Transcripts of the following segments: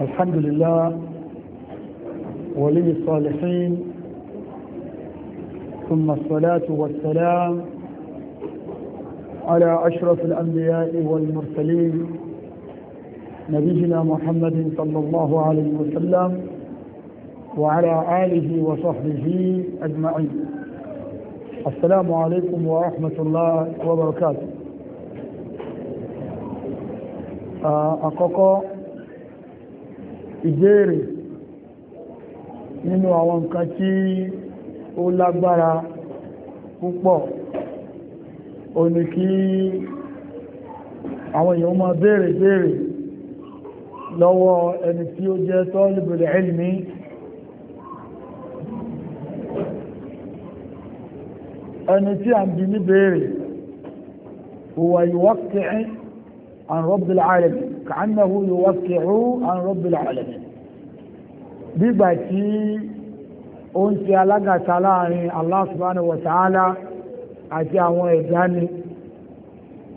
الحمد لله ولي الصالحين ثم الصلاة والسلام على أشرف الأنبياء والمرسلين نبينا محمد صلى الله عليه وسلم وعلى آله وصحبه أجمعين السلام عليكم ورحمة الله وبركاته آه، أقوى ìbéèrè nínú àwọn nǹkan tí ó lágbára púpọ̀ o ní kí àwọn èèyàn máa béèrè béèrè lọ́wọ́ ẹni tí ó jẹ́ talibul ilmi ẹni tí a ń bi ní béèrè huwa yuwaqqi'u عن رب العالمين كأنه يوقع عن رب العالمين بيبا تي ó ń ṣe alágàta láàrin Allah subhanahu wa ta'ala àti àwọn ẹ̀dá ni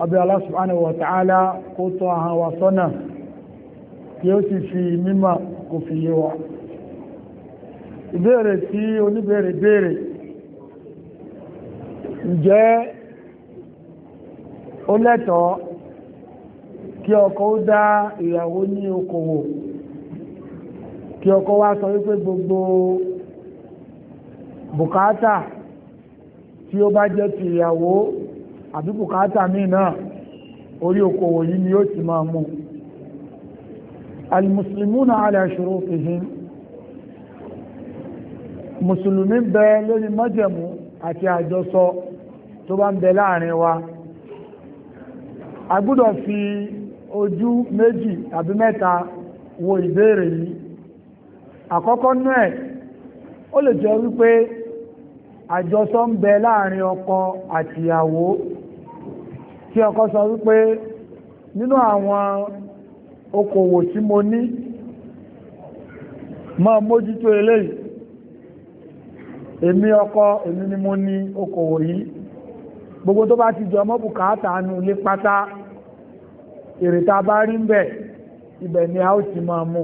ọbẹ̀ Allah subhanahu wa ta'ala kó tọ́ àwọn wa sọ́nà tí ó sì fi mímọ̀ kò fi yé wa ìbéèrè tí oníbéèrè béèrè ǹjẹ́ ó lẹ́tọ̀ọ́ kí ọkọ ó dá ìyàwó ní okòwò kí ọkọ wá sọ wípé gbogbo bukata tí ó bá jẹ́ ti ìyàwó àbí bukata míì náà orí okòwò yìí ni ó ti ma mú almuslimuna ala shurutihim mùsùlùmí bẹ lórí májẹ̀mú àti àjọsọ tó bá ń bẹ láàrin wa a fi ojú méjì àbí mẹ́ta wo ìbéèrè yìí àkọ́kọ́ nú ẹ̀ ó lè jẹ́ wípé àjọsọ ń bẹ láàrin ọkọ àtìyàwó tí ọkọ sọ wípé nínú àwọn okòwò tí mo ní máa mójútó eléyìí èmi ọkọ èmi ni mo ní okòwò yìí gbogbo tó bá ti jọ mọ́ nù lé pátá èrè tá a bá rí ń bẹ̀ ibẹ̀ ni a ó ti máa mú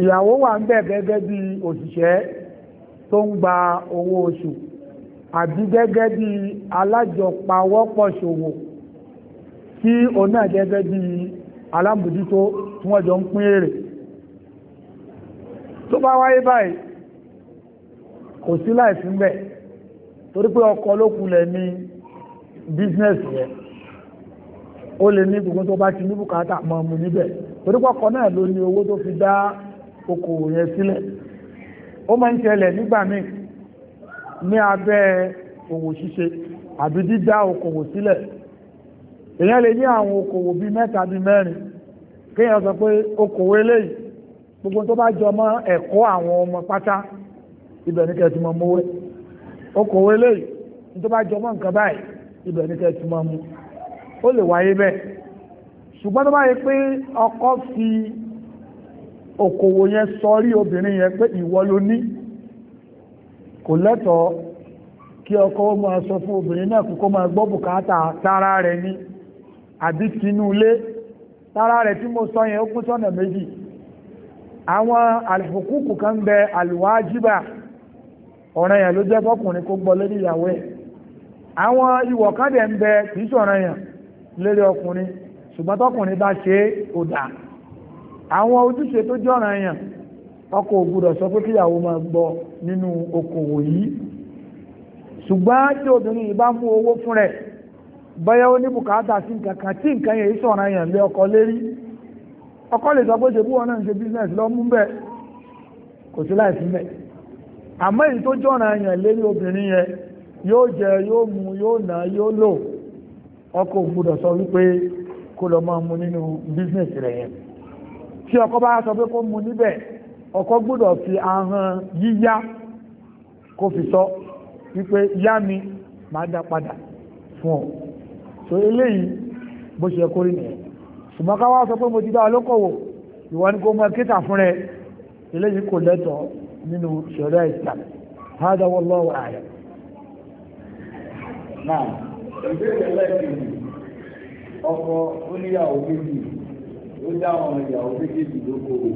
ìyàwó wà ń bẹ̀ gẹ́gẹ́ bí òṣìṣẹ́ tó ń gba owó oṣù àbí gẹ́gẹ́ bí alájọpawọ́pọ̀ ṣòwò tí òun náà gẹ́gẹ́ bí alámòjútó tí wọ́n jọ ń pín èrè tó bá wáyé báyìí kò sí láìsí ń bẹ̀ torí pé ọkọ ló kulẹ̀ ní bísínẹ́sì yẹn ó lè ní gbogbo tó bá ti ní bùkátà mọ́ mu níbẹ̀ torípọ̀kọ náà ló ní owó tó fi dá okòwò yẹn sílẹ̀ ó máa ń ṣẹlẹ̀ nígbà míì ní abẹ́ òwò ṣíṣe àbí dídá okòwò sílẹ̀ èèyàn lè ní àwọn okòwò bíi mẹ́ta bíi mẹ́rin kéèyàn sọ pé okòwò eléyìí gbogbo tó bá jọ mọ́ ẹ̀kọ́ àwọn ọmọ pátá ibẹ̀ ní kẹ́ẹ̀tì mọ́ mówé okòwò eléyìí tó bá jọ mọ́ nǹkan báyìí ibẹ̀ ní kẹ́ẹ̀tì mọ́ mú ó lè wáyé bẹ́ẹ̀ ṣùgbọ́n tó bá pé ọkọ fi okòwò yẹn sọrí obìnrin yẹn pé ìwọ ló ní kò kí ọkọ ó máa sọ fún obìnrin náà kó máa gbọ́ bùkátà tara re ní àbí tinule, tara re tí mo sọ yẹn ó pín sọ́nà méjì àwọn àlùfòkúkù kan bẹ àlùwájíbà ọ̀ràn yẹn ló jẹ́ fọkùnrin kó gbọ́ lórí ìyàwó ẹ̀ àwọn lérí ọkùnrin ṣùgbọ́n tọkùnrin bá ṣe é àwọn ojúṣe tó jọ̀ràn èèyàn ọkọ̀ ò sọ pé kíyàwó máa gbọ́ nínú okòwò yìí ṣùgbọ́n tí obìnrin yìí bá mú owó fún rẹ̀ bọ́yá ó ní bùkátà sí nǹkan kan tí nǹkan yẹn ọkọ lérí lè sọ pé ṣe lọ mú bẹ́ẹ̀ kò sí láìsí bẹ́ẹ̀ àmọ́ èyí tó èèyàn lérí obìnrin yẹn yóò jẹ yóò ọkọ ògbúdọ̀ sọ wípé kó lọ máa mu nínú bísínẹ̀sì rẹ̀ yẹn tí ọkọ bá sọ pé kó mu níbẹ̀ ọkọ gbúdọ̀ fi ahọ́n yíyá kó fi sọ wípé yá mi máa dá padà fún ọ so eléyìí bó ṣe kórè nìyẹn ṣùgbọ́n ká wá sọ pé mo ti dá olókòwò ìwọ ni kó mọ kíta fún rẹ eléyìí kò lẹ́tọ̀ọ́ nínú ṣẹ̀ríà Islam hádà wallahu a'lam náà ìbéèrè lẹ́ẹ̀kejì ọkọ oníyàwó méjì ó dáwọn ìyàwó méjèèjì lókòwò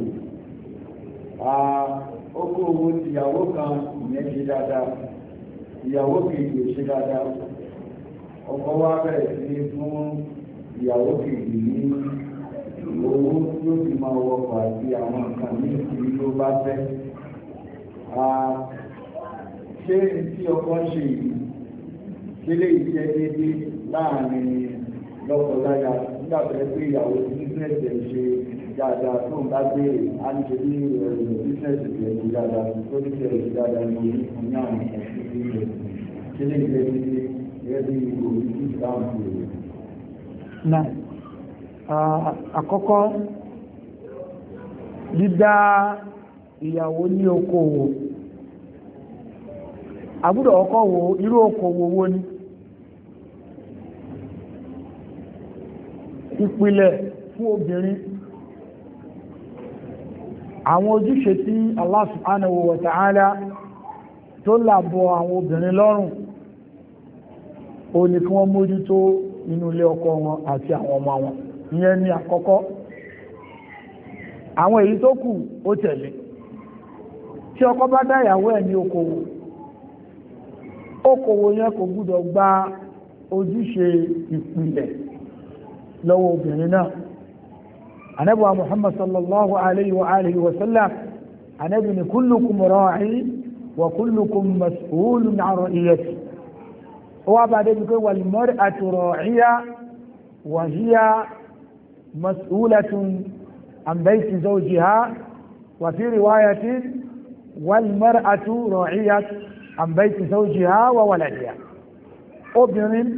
okòwò ìyàwó kan ìyẹn ṣe dáadáa ìyàwó kejì ṣe dáadáa ọkọ wa bẹ̀rẹ̀ sí fún ìyàwó kejì ní owó tó ti máa wọkọ̀ àti àwọn nǹkan ní ìlú ló bá fẹ́ ṣé tí ọkọ ṣe yìí délé ìṣe déédéé láàrin lọ́kọ̀láyà nígbà tó yẹ pé ìyàwó bísíǹsì ẹ̀ ṣe dáadáa tó ń bá béèrè á ní ṣe bí eh, bísíǹsì ẹ̀ ṣe dáadáa tó ní ṣe ẹ̀ ṣe dáadáa ní orí fún ní àwọn ẹ̀ṣin tí ó ṣe lè ṣe déédéé gẹ́gẹ́ bí òbí tí ìbámu ti rè. àkọ́kọ́ dídá ìyàwó ní okòwò àbúrò ọkọ̀ wo irú okòwò wo ni. ìpìlẹ̀ fún obìnrin àwọn ojúṣe tí Allah subhanahu wa ta'ala tó làbọ̀ àwọn obìnrin lọ́rùn ó ní kí wọ́n mójútó inú ilé ọkọ wọn àti àwọn ọmọ wọn ìyẹn ni àkọ́kọ́ àwọn èyí tó kù ó tẹ̀lé tí ọkọ bá dáyàwó ẹ̀ ní okòwò okòwò yẹn kò gbúdọ̀ gba ojúṣe ìpìlẹ̀ lọ́wọ́ obìnrin náà anabuwa muhammad sallallahu alayhi wa alihi wa sallam anabi ni kullukum ra'i wa kullukum mas'ulun an ra'iyati ó wá bá débi pé wal mar'atu ra'iya wa hiya mas'ulatun an bayti zawjiha wa fi riwayatin wal mar'atu ra'iyatu an bayti zawjiha wa waladiha obìnrin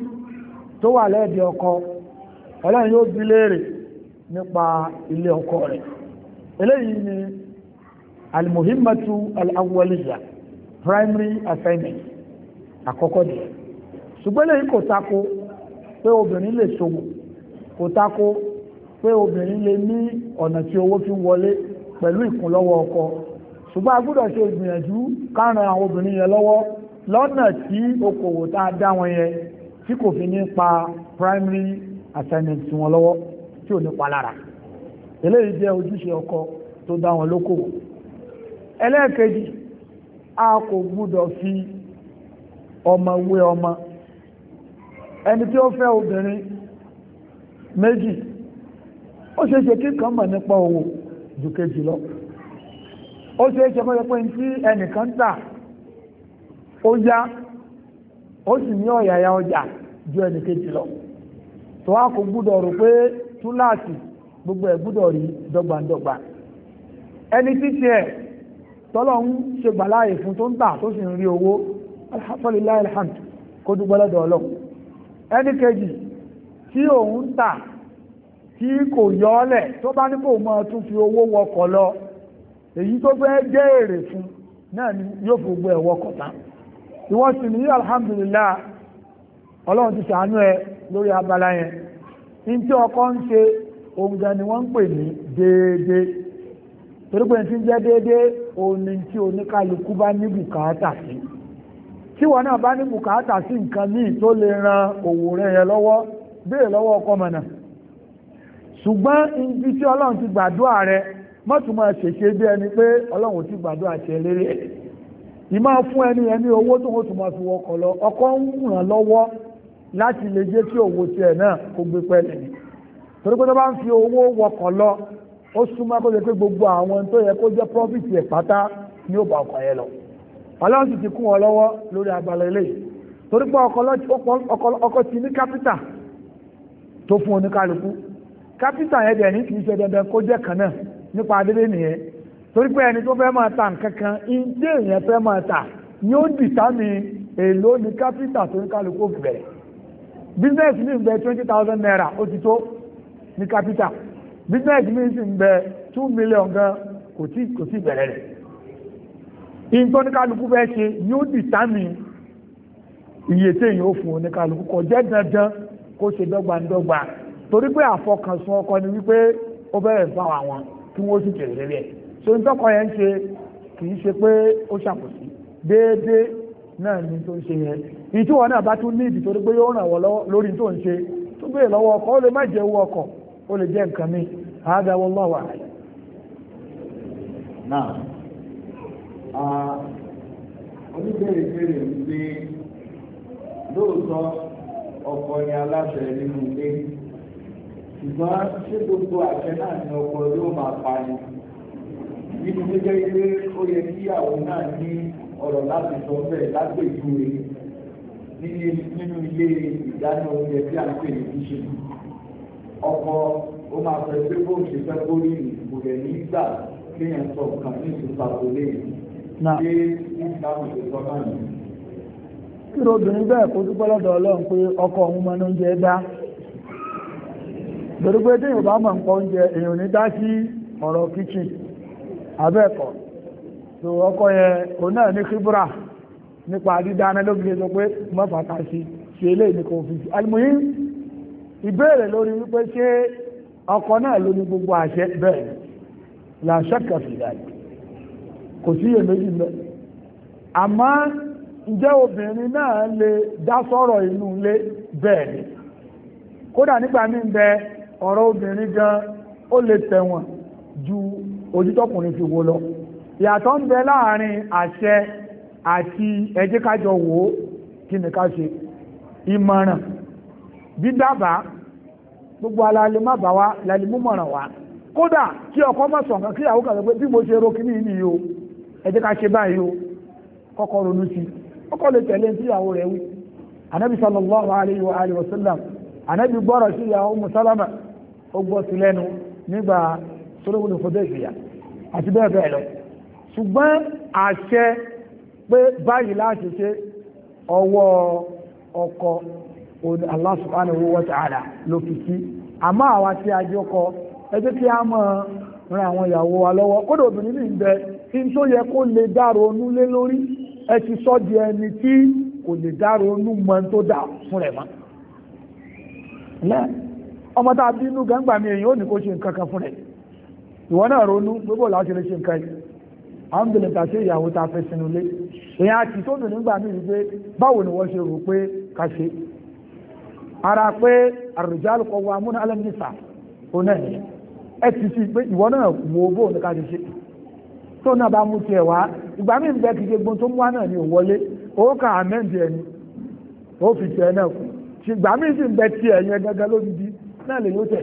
tó wà lẹ́ẹ̀dì ọkọ ọlọ́run yóò bí léèrè nípa ilé ọkọ rẹ̀ eléyìí ni almuhimmatu al'awwaliya primary assignment àkọ́kọ́ ni ṣùgbọ́n lè kò tako pé obìnrin lè ṣòwò kò tako pé obìnrin lè ní ọ̀nà tí owó fi wọlé pẹ̀lú ìkúnlọ́wọ́ ọkọ ṣùgbọ́n a gbọ́dọ̀ ṣe ìgbìyànjú káàrin àwọn obìnrin yẹn lọ́wọ́ lọ́nà tí okòwò tá a dá wọn yẹn tí kò fi ní pa primary àtẹni tí wọn lọ́wọ́ tí ò ní palára eléyìí jẹ́ ojúṣe ọkọ tó dá wọn lókòwò ẹlẹ́ẹ̀kejì a kò gbúdọ̀ fi ọmọ wé ọmọ ẹni tí ó fẹ́ obìnrin méjì ó ṣe é ṣe kíkan mọ̀ nípa owó ju kejì lọ ó ṣe é ṣe mọ́ pé tí ẹnìkan tà ó yá ó sì ní ọ̀yàyà ọjà ju ẹnìkejì lọ tó a kò gbúdọ̀ rò pé túláàsì gbogbo ẹ̀ gbúdọ̀ rí dọ́gbandọ́gba ẹni títí ẹ̀ tọ́lọ̀ ń ṣe gbàláàyè fún tó ń tà tó sì ń rí owó alhamdulilayi alhamdu kó dúpẹ́ lọ́dọ̀ ọlọ́run ẹni kejì tí òun tà tí kò yọ ọ́lẹ̀ tó bá ní kò mọ tún fi owó wọkọ̀ lọ èyí tó fẹ́ jẹ́ èrè fún náà ni yóò f'ogbo ẹ̀ wọkọ̀ tán ìwọ́n sì ní alhamdulilayi ọlọ́run ti ṣàánú ẹ lórí abala yẹn ní tí ọkọ ń ṣe ohun ni wọ́n ń pè ní déédéé torí pé ti ń jẹ́ déédéé òun ni tí oníkàlùkù bá ní bùkátà sí tí ní tó lè ran òwò rẹ yẹn lọ́wọ́ béèrè lọ́wọ́ ọkọ mọ̀nà ṣùgbọ́n ibi tí ọlọ́run ti gbàdúrà rẹ ṣèṣe bí ẹni pé ọlọ́run ti gbàdúrà ṣe lérè ìmọ̀ fún ẹni ẹni owó tó fi wọkọ̀ lọ ọkọ ń láti lè jẹ́ kí òwò tiẹ̀ náà kó gbé pẹ́lẹ̀ ni torí pé tó bá ń fi owó wọkọ̀ lọ ó súnmọ́ kó jẹ́ pé gbogbo àwọn tó yẹ kó jẹ́ profit ẹ̀ pátá ni ó bá ọkọ̀ yẹn lọ ọlọ́run sì ti kún wọn lọ́wọ́ lórí abala eléyìí torí pé ọkọ̀ ti ní kápítà tó fún oníkálukú kápítà yẹn dẹ̀ ní kì í ṣe dandan kó jẹ́ kan náà nípa adédé nìyẹn torí pé ẹni tó fẹ́ máa ta nǹkan kan ìdí èèyàn fẹ́ máa ta ni ó dìtámì èlò ní kápítà tó oníkálukú bẹ̀rẹ̀ business mi ń bẹ twenty thousand naira ó ti tó ní capital business mi sì ń bẹ two million gan kò tí kò tí bẹ̀rẹ̀ rẹ̀ nǹkan ní kálukú bẹ́ẹ̀ ṣe ni ó dìtámì iye téèyàn ó fún oníkálukú kò jẹ́ dandan kó ṣe dọ́gbandọ́gba torí pé àfọkànsùn ọkọ ni wípé ó bẹ̀rẹ̀ fún àwọn kí wọ́n sì kéré rẹ̀ so ní tọkọ yẹn ń ṣe kì í ṣe pé ó ṣàkóso déédéé náà ni tó ń ṣe yẹn ìtí wọn náà bá tún ní ìdí torí pé yóò ràn wọ́n lọ́wọ́ lórí tó ń ṣe tó gbé lọ́wọ́ ọkọ̀ ó lè má jẹ́ owó ọkọ̀ ó lè jẹ́ nǹkan mi àádá wọn lọ́wọ́ àyè. náà oníbèrè bèrè wípé lóòótọ́ ọkọ ni aláṣẹ nínú ilé ṣùgbọ́n ṣé gbogbo àṣẹ náà ni ọkọ yóò máa pa ni nínú gbígbé ilé ó yẹ kíyàwó náà ní ọ̀rọ̀ láti sọ bẹ́ẹ̀ lágbègbè rẹ̀. nínú ilé ìdáná oúnjẹ tí a ń pè ọkọ ó máa sọ pé bó ṣe fẹ́ bórí kò rẹ̀ nígbà kéèyàn sọ nǹkan ní ìtúpapò léyìn ṣé ìsìlámù ṣe sọ náà nìyí. kí ló ọlọ́run pé ọkọ òun mọ oúnjẹ dá torí pé téèyàn bá mọ̀ nǹkan oúnjẹ èèyàn ní dá sí ọ̀rọ̀ abẹ́ẹ̀kọ́ tó ọkọ yẹn òun náà ní nípa dídáná lóbìnrin sọ pé mọ́fàtà sí ṣe ilé ìníkọ̀ òfìsì alìmọ̀yí ìbéèrè lórí wípé ṣé ọkọ náà ló ní gbogbo àṣẹ bẹ́ẹ̀ làṣẹ́kà fìdáì kò sí iye méjì mẹ́ àmọ́ ǹjẹ́ obìnrin náà lè dá sọ̀rọ̀ inú ilé bẹ́ẹ̀ ni kódà nígbà míì bẹ ọ̀rọ̀ obìnrin gan ó lè tẹ̀wọ̀n ju ojú tọkùnrin fi wo lọ ìyàtọ̀ ń bẹ láàrin àṣẹ àti ẹjẹ́ kájọ wò wo kí ni ká ṣe ìmọ̀ràn gbogbo ala má wa lálẹ́ mú wa kódà kí ọkọ má sọ nǹkan kí ìyàwó kan pé bí mo ṣe ro kíní yìí o ẹjẹ́ ká ṣe báyìí o kọ́kọ́ ronú sí tẹ̀lé ìyàwó rẹ̀ wí anabi sallallahu alayhi wa wa sallam anabi gbọ́rọ̀ sí ìyàwó musalama ó gbọ́ sí lẹ́nu nígbà fọdẹ́ àti bẹ́ẹ̀ bẹ́ẹ̀ lọ ṣùgbọ́n àṣẹ pé báyìí láti ṣe ọwọ́ ọkọ Allah subhanahu wa ta'ala ló fi sí àmọ́ tí a jọ kọ ẹjẹ́ a máa ran àwọn ìyàwó wa lọ́wọ́ kódà obìnrin ní kí tó yẹ kó lè lé sọ di ẹni tí kò lè dára mọ tó dà fún mọ́ ọmọ tá a bínú mi èèyàn ò ní kó ṣe nǹkan kan fún ìwọ náà ronú gbogbo àwọn obìnrin tàṣẹ ìyàwó ta fẹ́ sínú ilé èyàn àti tó bìnrin gbà níbi pé báwo ni wọ́n ṣe rò pé ká ṣe ara pé ar-rijālu qawwāmūna 'alā an-nisā' òun náà ẹ ti fi pé ìwọ náà wo bóun ní ká ṣe ṣe tó náà bá mú tiẹ̀ wá ìgbà míì bẹ́ẹ̀ kí gbogbo tó mú náà ni ò wọlé ó kà á mẹ́ǹdì ẹni ó fi tiẹ̀ náà kù ṣùgbà míì sì ń bẹ tiẹ̀ yẹn gẹ́gẹ́ lódìdí náà lè yóò tẹ̀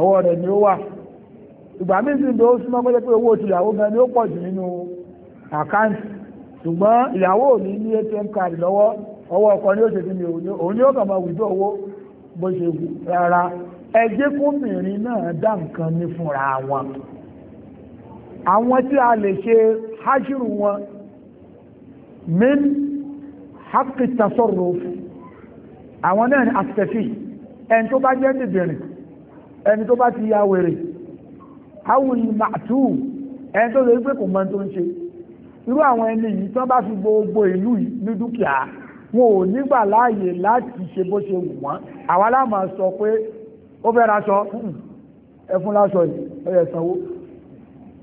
ọwọ́ rẹ̀ ni ó wà ìgbà míì sì ló súnmọ́ pé pé owó ti ìyàwó gan ni ó pọ̀ jù nínú àkáǹtì ṣùgbọ́n ìyàwó ò ní ní atm card lọ́wọ́ ọwọ́ ọkọ ni ó ṣe fún mi òun ni ó kàn máa wùdó owó bó ṣe wù rárá ẹ jẹ́ kóbìnrin náà dá nǹkan ní fúnra wọn àwọn tí a lè ṣe háṣírù wọn min haqqi tasarruf àwọn náà ni àtẹ̀fì ẹni tó bá jẹ́ dìbìrìn ẹni tó bá ti ya wèrè awùlì màtú ẹni tó lè gbé kò mọ tó ń ṣe irú àwọn ẹni yìí tán bá fi gbogbo ìlú ní dúkìá wọn ò nígbà láàyè láti ṣe bó ṣe wù wọ́n àwa láàmà sọ pé ó fẹ́ raṣọ hmm, ẹfun láṣọ yìí ó yẹ sanwó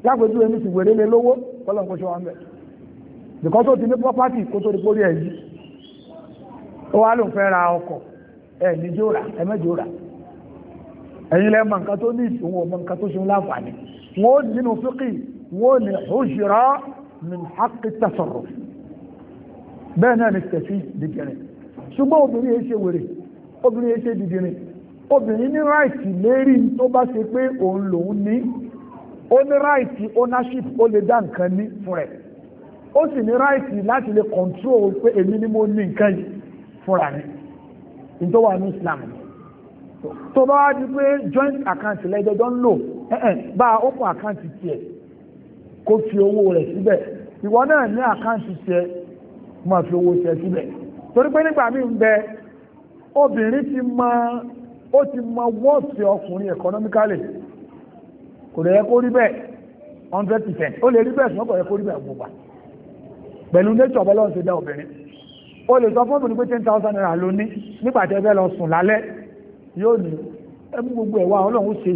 lápẹjú ẹni sì wèrè lé lówó kọ́lọ̀ kó ṣe wọn bẹ̀ because ó ti ní property kó tó di pórí ẹ̀ yìí ó wá lóun fẹ́ ra ọkọ̀ ẹ̀ ní jòrà ẹ̀ mẹ́jọ rà ẹ̀yin lẹ́ mọ̀ nǹkan tó ní ìṣòwò ọmọ nǹkan tó ṣeun láǹfààní wọ́n ó nínú fíkì wọ́n ní hujra min haqqi tasarruf bẹ́ẹ̀ náà ni tẹ̀sí dìgẹ̀rẹ̀ ṣùgbọ́n obìnrin yẹn ṣe wèrè obìnrin yẹn ṣe dìgẹ̀rẹ̀ obìnrin ní ráìtì lérí tó bá ṣe pé òun lòun ní ó ní ráìtì ownership ó lè dá nǹkan ní fún rẹ̀ ó sì ní ráìtì láti lè control pé èmi ni mo ní nǹkan yìí fúnra ní ìtọ́wà ní Islam ni tó bá wá di pé joint account lẹ́jọ́jọ́ ń lò bá a open account tiẹ̀ kó fi owó rẹ̀ síbẹ̀ ìwọ náà ní account tiẹ̀ máa fi owó tiẹ̀ síbẹ̀ torí pé nígbà míì ń bẹ obìnrin ti mọ ó ti mọ wọ́ọ̀sì ọkùnrin economically kò lè yẹ kó rí bẹ́ẹ̀ hundred percent ó lè rí bẹ́ẹ̀ ṣùgbọ́n kò yẹ kó rí bẹ́ẹ̀ gbogbo pẹ̀lú nature bọ́lá ń ṣe dá obìnrin o lè sọ fún obìnrin pé ten thousand naira ló ní nígbà tí ẹ fẹ́ lọ sùn lálẹ́ yóò ní ẹmú gbogbo ẹ̀wà ọlọ́run ṣe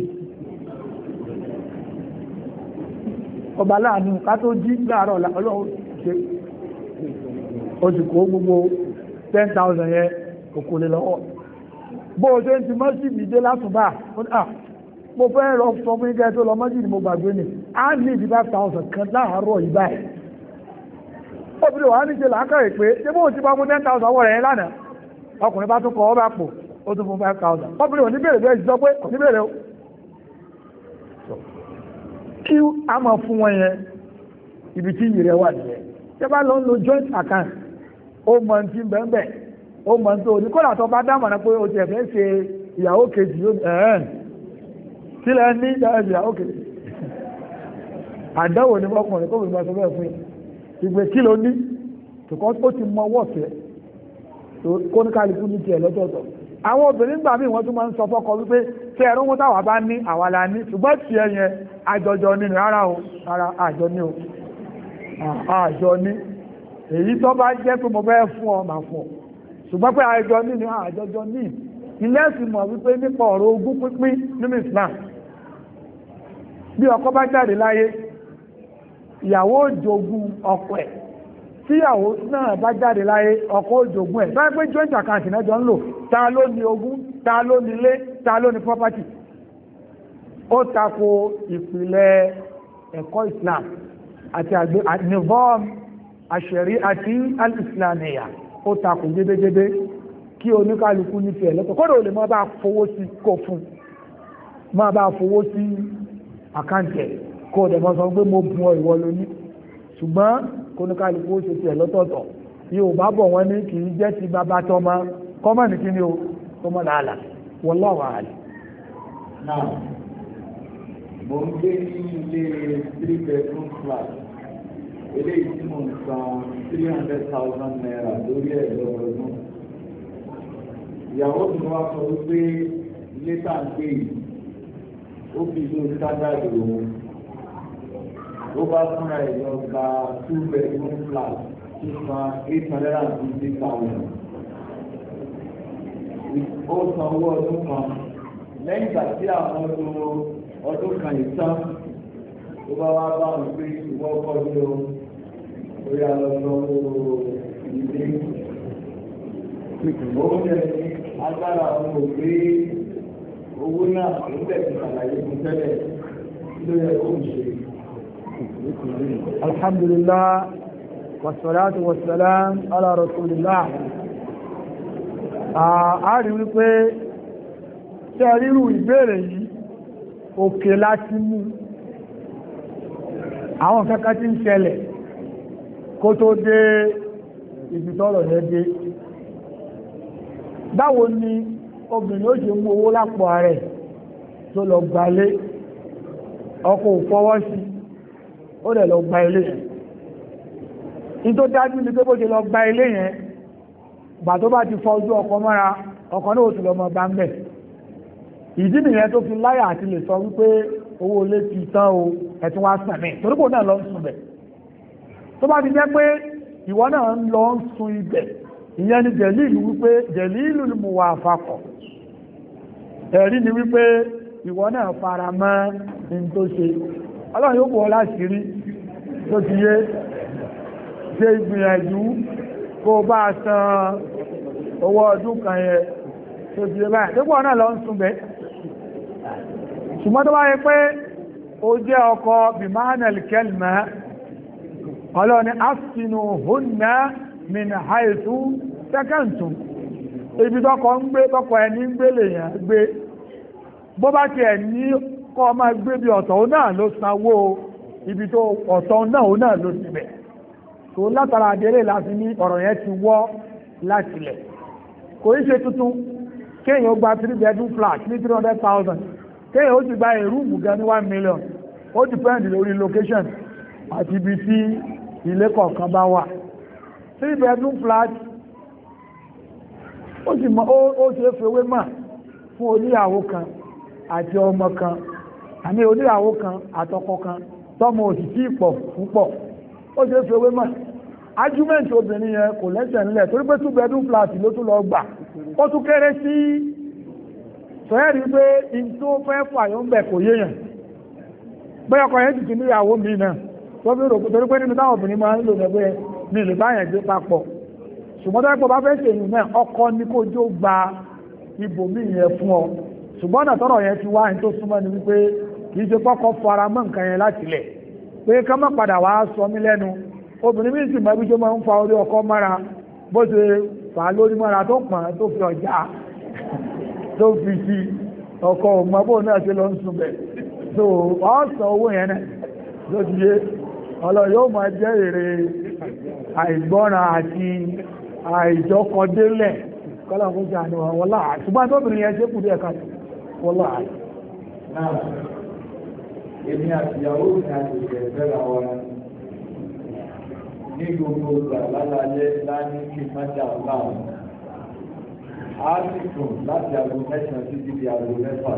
ọba láàánú ká tó jí ọlọ́run ṣe gbogbo 10,000 yẹn kòkó lè lọ́wọ́ bó o ṣe ń ti mọ́sídì dé mo fẹ́ rọ sọ fún ikẹ́ tó lọ mo gbàgbé ni a ní ìdí 5,000 kan láàárọ̀ yìí báyìí obìnrin ní ṣe làákàrẹ̀ pé ṣé bó o ti bá mú 10,000 lánàá ọkùnrin bá tún kọ ọ́ bá pò ó tún fún five thousand pọ́pùlì ò ní bèrè bẹ́ẹ̀ sọ pé kò ní bèrè o kí a máa fún wọn yẹn ibi tí yìí rẹ wà nìyẹn tí a bá lọ ń lo joint account ó mọ ti ń bẹ́ẹ̀ bẹ́ẹ̀ ó mọ tó o ní kó làtọ́ bá dámọ̀ràn pé o tiẹ̀ fẹ́ ṣe ìyàwó kejì ẹ̀ẹ́n sílẹ̀ ní ìyàwó kejì àdáwò ni ọkùnrin kó gbogbo ọsọ bẹ́ẹ̀ fún yìí ìgbè kí ló ní tùkọ́ ó ti mọ ọwọ́ fẹ́ kóníkàlùkù ní tiẹ̀ lọ́tọ̀ọ̀tọ̀ àwọn obìnrin gbà bí wọ́n tún máa ń sọ fọ́kọ wípé tí ẹ̀rọ wọn táwa bá ní àwa la ní ṣùgbọ́n tí ẹ yẹn àjọjọ ni rárá o rárá àjọ ni o àjọ ni èyí tó bá jẹ́ pé mo fẹ́ fún ọ màá fún ọ ṣùgbọ́n pé àjọ ni ni àjọjọ ni ilé ẹ̀sìn mọ̀ wípé nípa ọ̀rọ̀ ogún pínpín nínú Islam bí ọkọ bá jáde láyé ìyàwó òjogún ọkọ ẹ̀ tíyàwó náà bá jáde láyé ọkọ òjògùn ẹ̀ báyìí pé joint account náà jọ ń lò ta ló ni ogún ta ló ní ilé ta ló ní property ó tako ìpìlẹ̀ ẹ̀kọ́ Islam àti àgbẹ̀nìvọ́m àṣẹ̀rí àti alìsìlámìyà ó tako jébéjébé kí oníkálukú ní tiẹ̀ lọ́tọ̀ kódà ò lè máa bá fowó sí kó fún máa bá fowó sí àkáǹtì ẹ̀ kó o dẹ̀ mọ́ sọ pé mo bu ọ ìwọ lónìí ṣùgbọ́n kóníkàlùkù ó ṣe tiẹ̀ lọ́tọ̀ọ̀tọ̀ yorùbá bọ̀ wọ́n ní kì í jẹ́ ti bàbá tọmọ kọ́mọ̀ ní kí ni o tọmọ làálà wallahu a'lam. náà mo ń gbé ní ilé three bedroom flat eléyìí tí mo ń san three hundred thousand naira lórí ẹ̀ lọ́dọọdún ìyàwó mi wá sọ wípé ilé tá à ń gbé yìí ó fi ìlú standard òun ó bá fúnra ẹ̀ lọ gba two bedroom flat tó san eight hundred and fifty thousand. ó san owó ọdún kan lẹ́yìn ìgbà tí àwọn ọdún ọdún kan yìí tán ó bá wá bá wọn pé ìwọ ọkọ ní o orí alọ́sọ ilé oúnjẹ ní agbára fún o pé owó náà ló bẹ̀rẹ̀ ṣàlàyé fún tẹ́lẹ̀ ló yẹ kó ń ṣe. الحمد لله والصلاة والسلام على رسول الله ààrí wípé tẹ́ ríru ìbéèrè yìí òkè láti mú àwọn kankan tí ń ṣẹlẹ̀ kó tó dé ìbìtọ́rọ̀ yẹn dé báwo ni obìnrin ó ṣe mú owó lápò ààrẹ tó lọ gbalé ọkọ̀ òfọwọ́sí ó rẹ̀ lọ gba ilé yẹn in tó dájú ní pé bó ṣe lọ gba ilé yẹn gbà tó bá ti fọ ojú ọkọ mọ́ra ọkọ náà ó ti lọ mọ gbá mbẹ̀ ìdí nìyẹn tó fi láyà àti lè sọ wípé owó ilé ti tán o ẹ̀tún wá sàn mí torí kò náà lọ ń sùn bẹ̀ tó bá ti jẹ́ pé ìwọ náà ń lọ ń sun ibẹ̀ ìyẹn ni jẹ̀líìlú wípé jẹ̀líìlú ni mo wà àfakọ̀ ẹ̀rí ni wípé ìwọ náà fara mọ́ ní tó ṣe ọlọ́run yóò bọ̀ láti rí tó ti yé ṣe ìgbìyànjú kó bá san owó ọdún kan yẹ tó ti yé báyìí dípò náà lọ ń súnbẹ̀ ṣùgbọ́n tó bá yẹ pé ó jẹ́ ọkọ bimanel kelma ọlọ́ni asinu hunna min haitu sekantum ibi tọkọ ń gbé tọkọ ẹni ń gbé lèyàn gbé bó bá tiẹ̀ ní kọ́ máa gbé bí ọ̀tọ̀ òun náà ló sanwó ibi tó ọ̀tọ̀ náà òun náà ló ti bẹ̀ tó látara àdéré láti ní ọ̀rọ̀ yẹn ti wọ́ látilẹ̀ kò í ṣe tuntun kéèyàn gba three bedroom flat ní three hundred thousand kéèyàn ó sì gba èrúùmù gan ní one million ó dìpẹ́ǹdì lórí location àti ibi tí ilé kọ̀ọ̀kan bá wà three bedroom flat ó ṣe é fewé mà fún oníyàwó kan àti ọmọ kan àmì oníyàwó kan àtọkọ kan tọmọ òsìsí ìpọ̀ púpọ̀ ó ṣe é fi owó mọ̀ obìnrin yẹn kò lẹ́sẹ̀ ńlẹ̀ torí pé túbẹ̀ bedroom flat ló tún lọ gbà ó tún kéré sí sọ́yẹ́rì pé in tó fẹ́ fún àyọ̀ kò ọkọ yẹn mi náà torí pé nínú táwọn obìnrin máa ń lò lẹ́gbẹ́ mi lè bá yẹn gbé papọ̀ ṣùgbọ́n tó bá ọkọ jó gba ibòmí yẹn fún ọ ṣùgbọ́n wá tó súnmọ́ ni kì í ṣe kọ́kọ́ fara mọ́ nǹkan yẹn láti lẹ̀ pé ká má padà wàá sọ mí lẹ́nu obìnrin mi sì mọ ibi tó máa ń fa orí ọkọ mára bó ṣe fà á lórí mára tó pọ̀n tó fi ọjà tó fi sí ọkọ ọmọ bó náà ṣe lọ ń sùn bẹ̀ so ọ̀sán owó yẹn náà ló ti yé ọlọ́run yóò máa jẹ́ èrè àìgbọ́ràn àti àìjọkọdélẹ̀ kọ́lọ́kùn jàǹdùn àwọn láàá ṣùgbọ́n tóbìnrin yẹn ṣe kù díẹ̀ káàkiri wọ́n èmi àti ìyàwó mi àti ìrẹ̀fẹ́ ra wa ní gbogbo ìgbà lálàyé láti kí májà láwọn á sì tún láti àgbo mẹ́sàn-án títí di àgbo mẹ́fà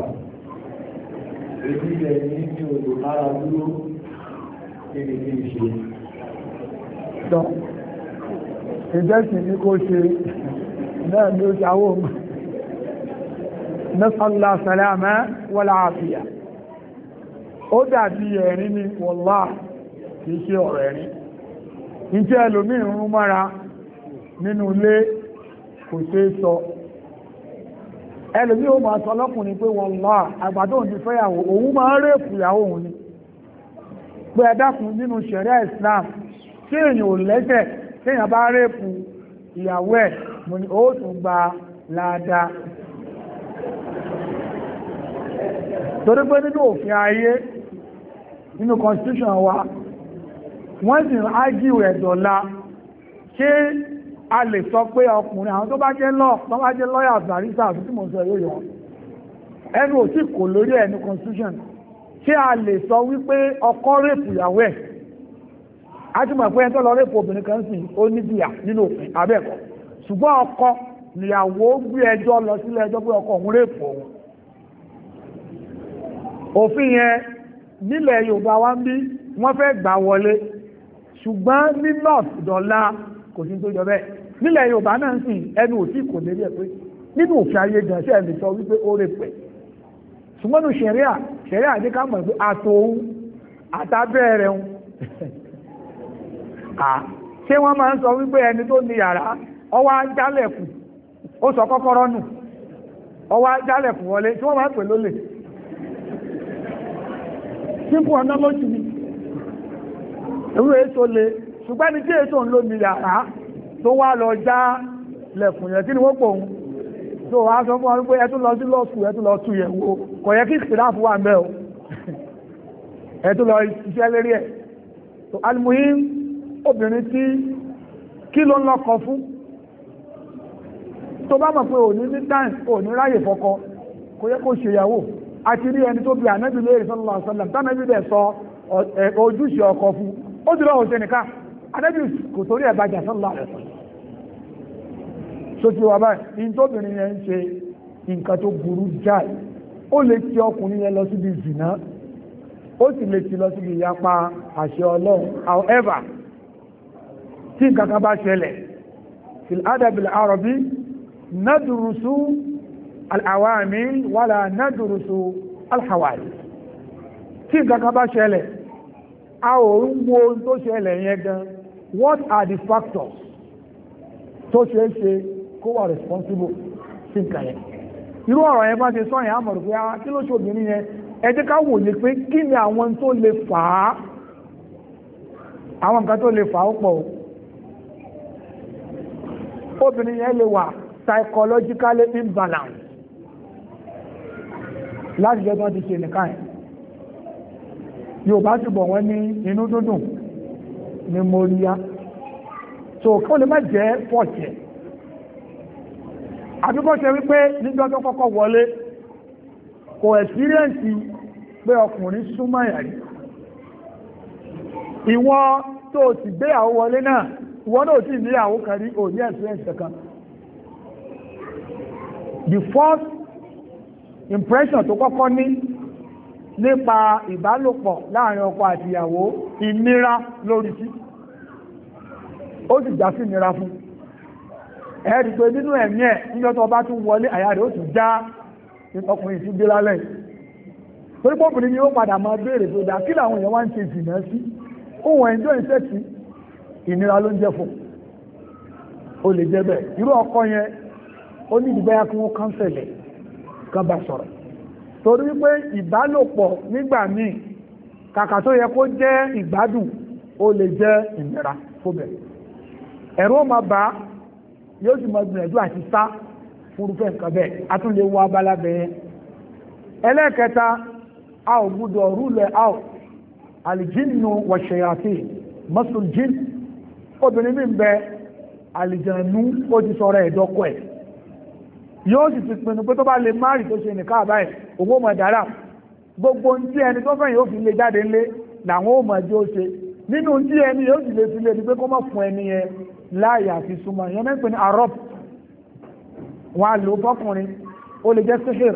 èyí ilẹ̀ yìí ní odò mára dúró kí ni kí n ṣe. ìjẹ́sìn ni kò ṣe náà ni ó ṣe àwọn òmùn. نسأل الله سلامة والعافية ó dàbí ẹ̀rín ní wọ́lá kì í ṣe ọ̀rọ̀ ẹ̀rín ní tí ẹlòmíì ń rún nínú ilé kò ṣe é sọ ẹlòmíì ó máa sọ lọ́kùnrin pé wọ́lá àgbàdo òun fẹ́yàwó òun máa ń ìyàwó òun ni pé ẹ nínú ṣẹ̀ríà Islam tí èèyàn ò lẹ́sẹ̀ tí èèyàn bá rèèpù ìyàwó ẹ̀ mo ní ó tún gba láadáa torí pé nínú òfin ayé nínú constitution wa wọ́n sì ágì rẹ̀ dọ̀la ṣé a lè sọ pé ọkùnrin àwọn tó bá jẹ́ lọ́yà barista àti tí mo sọ yóò yọ ẹnu ò sì kò lórí ẹnu constitution ṣé a lè sọ wípé ọkọ rèpù ìyàwó ẹ̀ a ti mọ̀ pé ẹni tó lọ rèpù obìnrin kan sì ó ní bíyà nínú òfin abẹ́ẹ̀kọ́ ṣùgbọ́n ọkọ níyàwó gbé ẹjọ́ lọ sílé ẹjọ́ pé ọkọ òun rèpù òun òfin yẹn nílẹ̀ yorùbá wa ń bí wọ́n fẹ́ gbà wọlé ṣùgbọ́n ní north dọ̀la kò sí tó jọ bẹ́ẹ̀ nílẹ̀ yorùbá náà sì ẹnu òsì kò lérí ẹ̀ pé nínú òfin ayé gan sí ẹ̀mí sọ wípé ó rè pẹ̀ ṣùgbọ́n nu ṣẹ̀ríà ṣẹ̀ríà ní ká mọ̀ pé àtòun àtàbẹ̀rẹ̀ ń ṣé wọ́n máa ń sọ wípé ẹni tó ní yàrá ọwọ́ ajálẹ̀kùn ó sọ kọ́kọ́rọ́ nù ọwọ́ ajálẹ̀kùn wọlé tí wọ́n máa ń pè lólè simple analogy ni irú èso le ṣùgbọ́n ní tí èso ń lómi yàrá tó wá lọ já lẹ̀kùn yẹn kí ni wọ́n pò ń tó wá sọ fún wọn pé ẹ tún lọ sí lọ́ọ̀sù ẹ lọ tú yẹn wo yẹ kí ìsìláàfù wà mẹ́ o ẹ tún lọ iṣẹ́ lérí ẹ̀ tó alimuhim obìnrin tí kí ló ń lọ́kọ fún tó bá mọ̀ pé òní ní time òní ráyè fọkọ kò yẹ kó ṣèyàwó àti rí ẹni tó bi ànábì sallallahu alaihi sọ ojúṣe fún ó dúró ànábì kò torí ẹ̀ bàjẹ́ sallallahu alaihi wasallam sókè wà báyìí ní tóbìnrin yẹn ń ṣe nǹkan tó burú jáì ó lè ti ọkùnrin yẹn lọ síbi zìnà ó sì lè ti lọ síbi ìyapa àṣẹ ọlọ́run however tí nǹkan kan al-awamil wala nadrusu al-hawadith tí nǹkan bá ṣẹlẹ̀ a ò ń wo ohun tó ṣẹlẹ̀ yẹn gan what are the factors tó ṣe é ṣe kó wà responsible sí nǹkan yẹn irú ọ̀rọ̀ yẹn bá ṣe sọ yẹn àmọ̀ pé a ah, kí ló ṣe obìnrin yẹn ẹ ká wò ní pé kí ni àwọn tó lè fà á àwọn nǹkan tó lè fà á pọ̀ obìnrin yẹn lè wà psychologically imbalance láti jẹ́ tán ti ṣe nìkan ẹ̀ yóò bá ti bọ̀ wọ́n ní inú dúndùn ní moriya so kí wọ́n lè má jẹ́ pọ̀jẹ́ àbíbọ́sẹ̀ wípé níjọ́ tó kọ́kọ́ wọlé kò ẹ̀sírẹ́ǹsì pé ọkùnrin súnmọ́ ìyàrí ìwọ tó ti gbéyàwó wọlé náà ìwọ náà ti níyàwó kan rí òní ẹ̀sírẹ́ǹsì kan the first impression tó kọ́kọ́ ní nípa ìbálòpọ̀ láàrin ọkọ àti ìyàwó ìnira lórí sí ó sì já sí ìnira fún ẹ̀rí pé nínú ẹ̀mí ẹ̀ níjọ́ tó bá tún wọlé àyà rẹ̀ ó tún já ọkùnrin sí gbé lálẹ́ torí pọ́pùnrin ni ó padà máa béèrè tó dá kí làwọn èèyàn wá ń ṣe jìnnà sí òun ẹ̀jọ́ ìṣẹ́ sí ìnira ló ń jẹ́ fún o lè jẹ́ bẹ́ẹ̀ irú ọkọ yẹn ó ní ìdìbẹ́yà kí wọ́n káńsẹ̀lẹ̀ kan bá sọ̀rọ̀ torí wípé ìbálòpọ̀ nígbà míì kàkà tó yẹ kó jẹ́ ìgbádùn ó lè jẹ́ ìnira fóbìnrin ẹ̀rù máa bá yóò sì máa gbìyànjú àti sá nǹkan bẹ́ẹ̀ a tún lè wọ abala bẹ́ẹ̀ ẹlẹ́ẹ̀kẹta a ò gbúdọ̀ rúlẹ̀ a ò àlìjínú wọ̀ṣẹ̀yàtì mọ́sùlùjín obìnrin mi yóò sì ti pinnu pé tó bá lè má rì tó ṣe nìkan àbáyé owó mọ̀ dára gbogbo ohun tí ẹni tó fẹ̀yìn yóò fi lè jáde ńlé làwọn ò mọ̀ ẹjẹ́ ó ṣe nínú ohun tí ẹni yóò sì lè fi lè ní pé kó mọ̀ fún ẹni yẹn láàyè àfi súnmọ́ ìyẹn náà ní arọ́p wọn á lò fọkùnrin ó lè jẹ́ sihir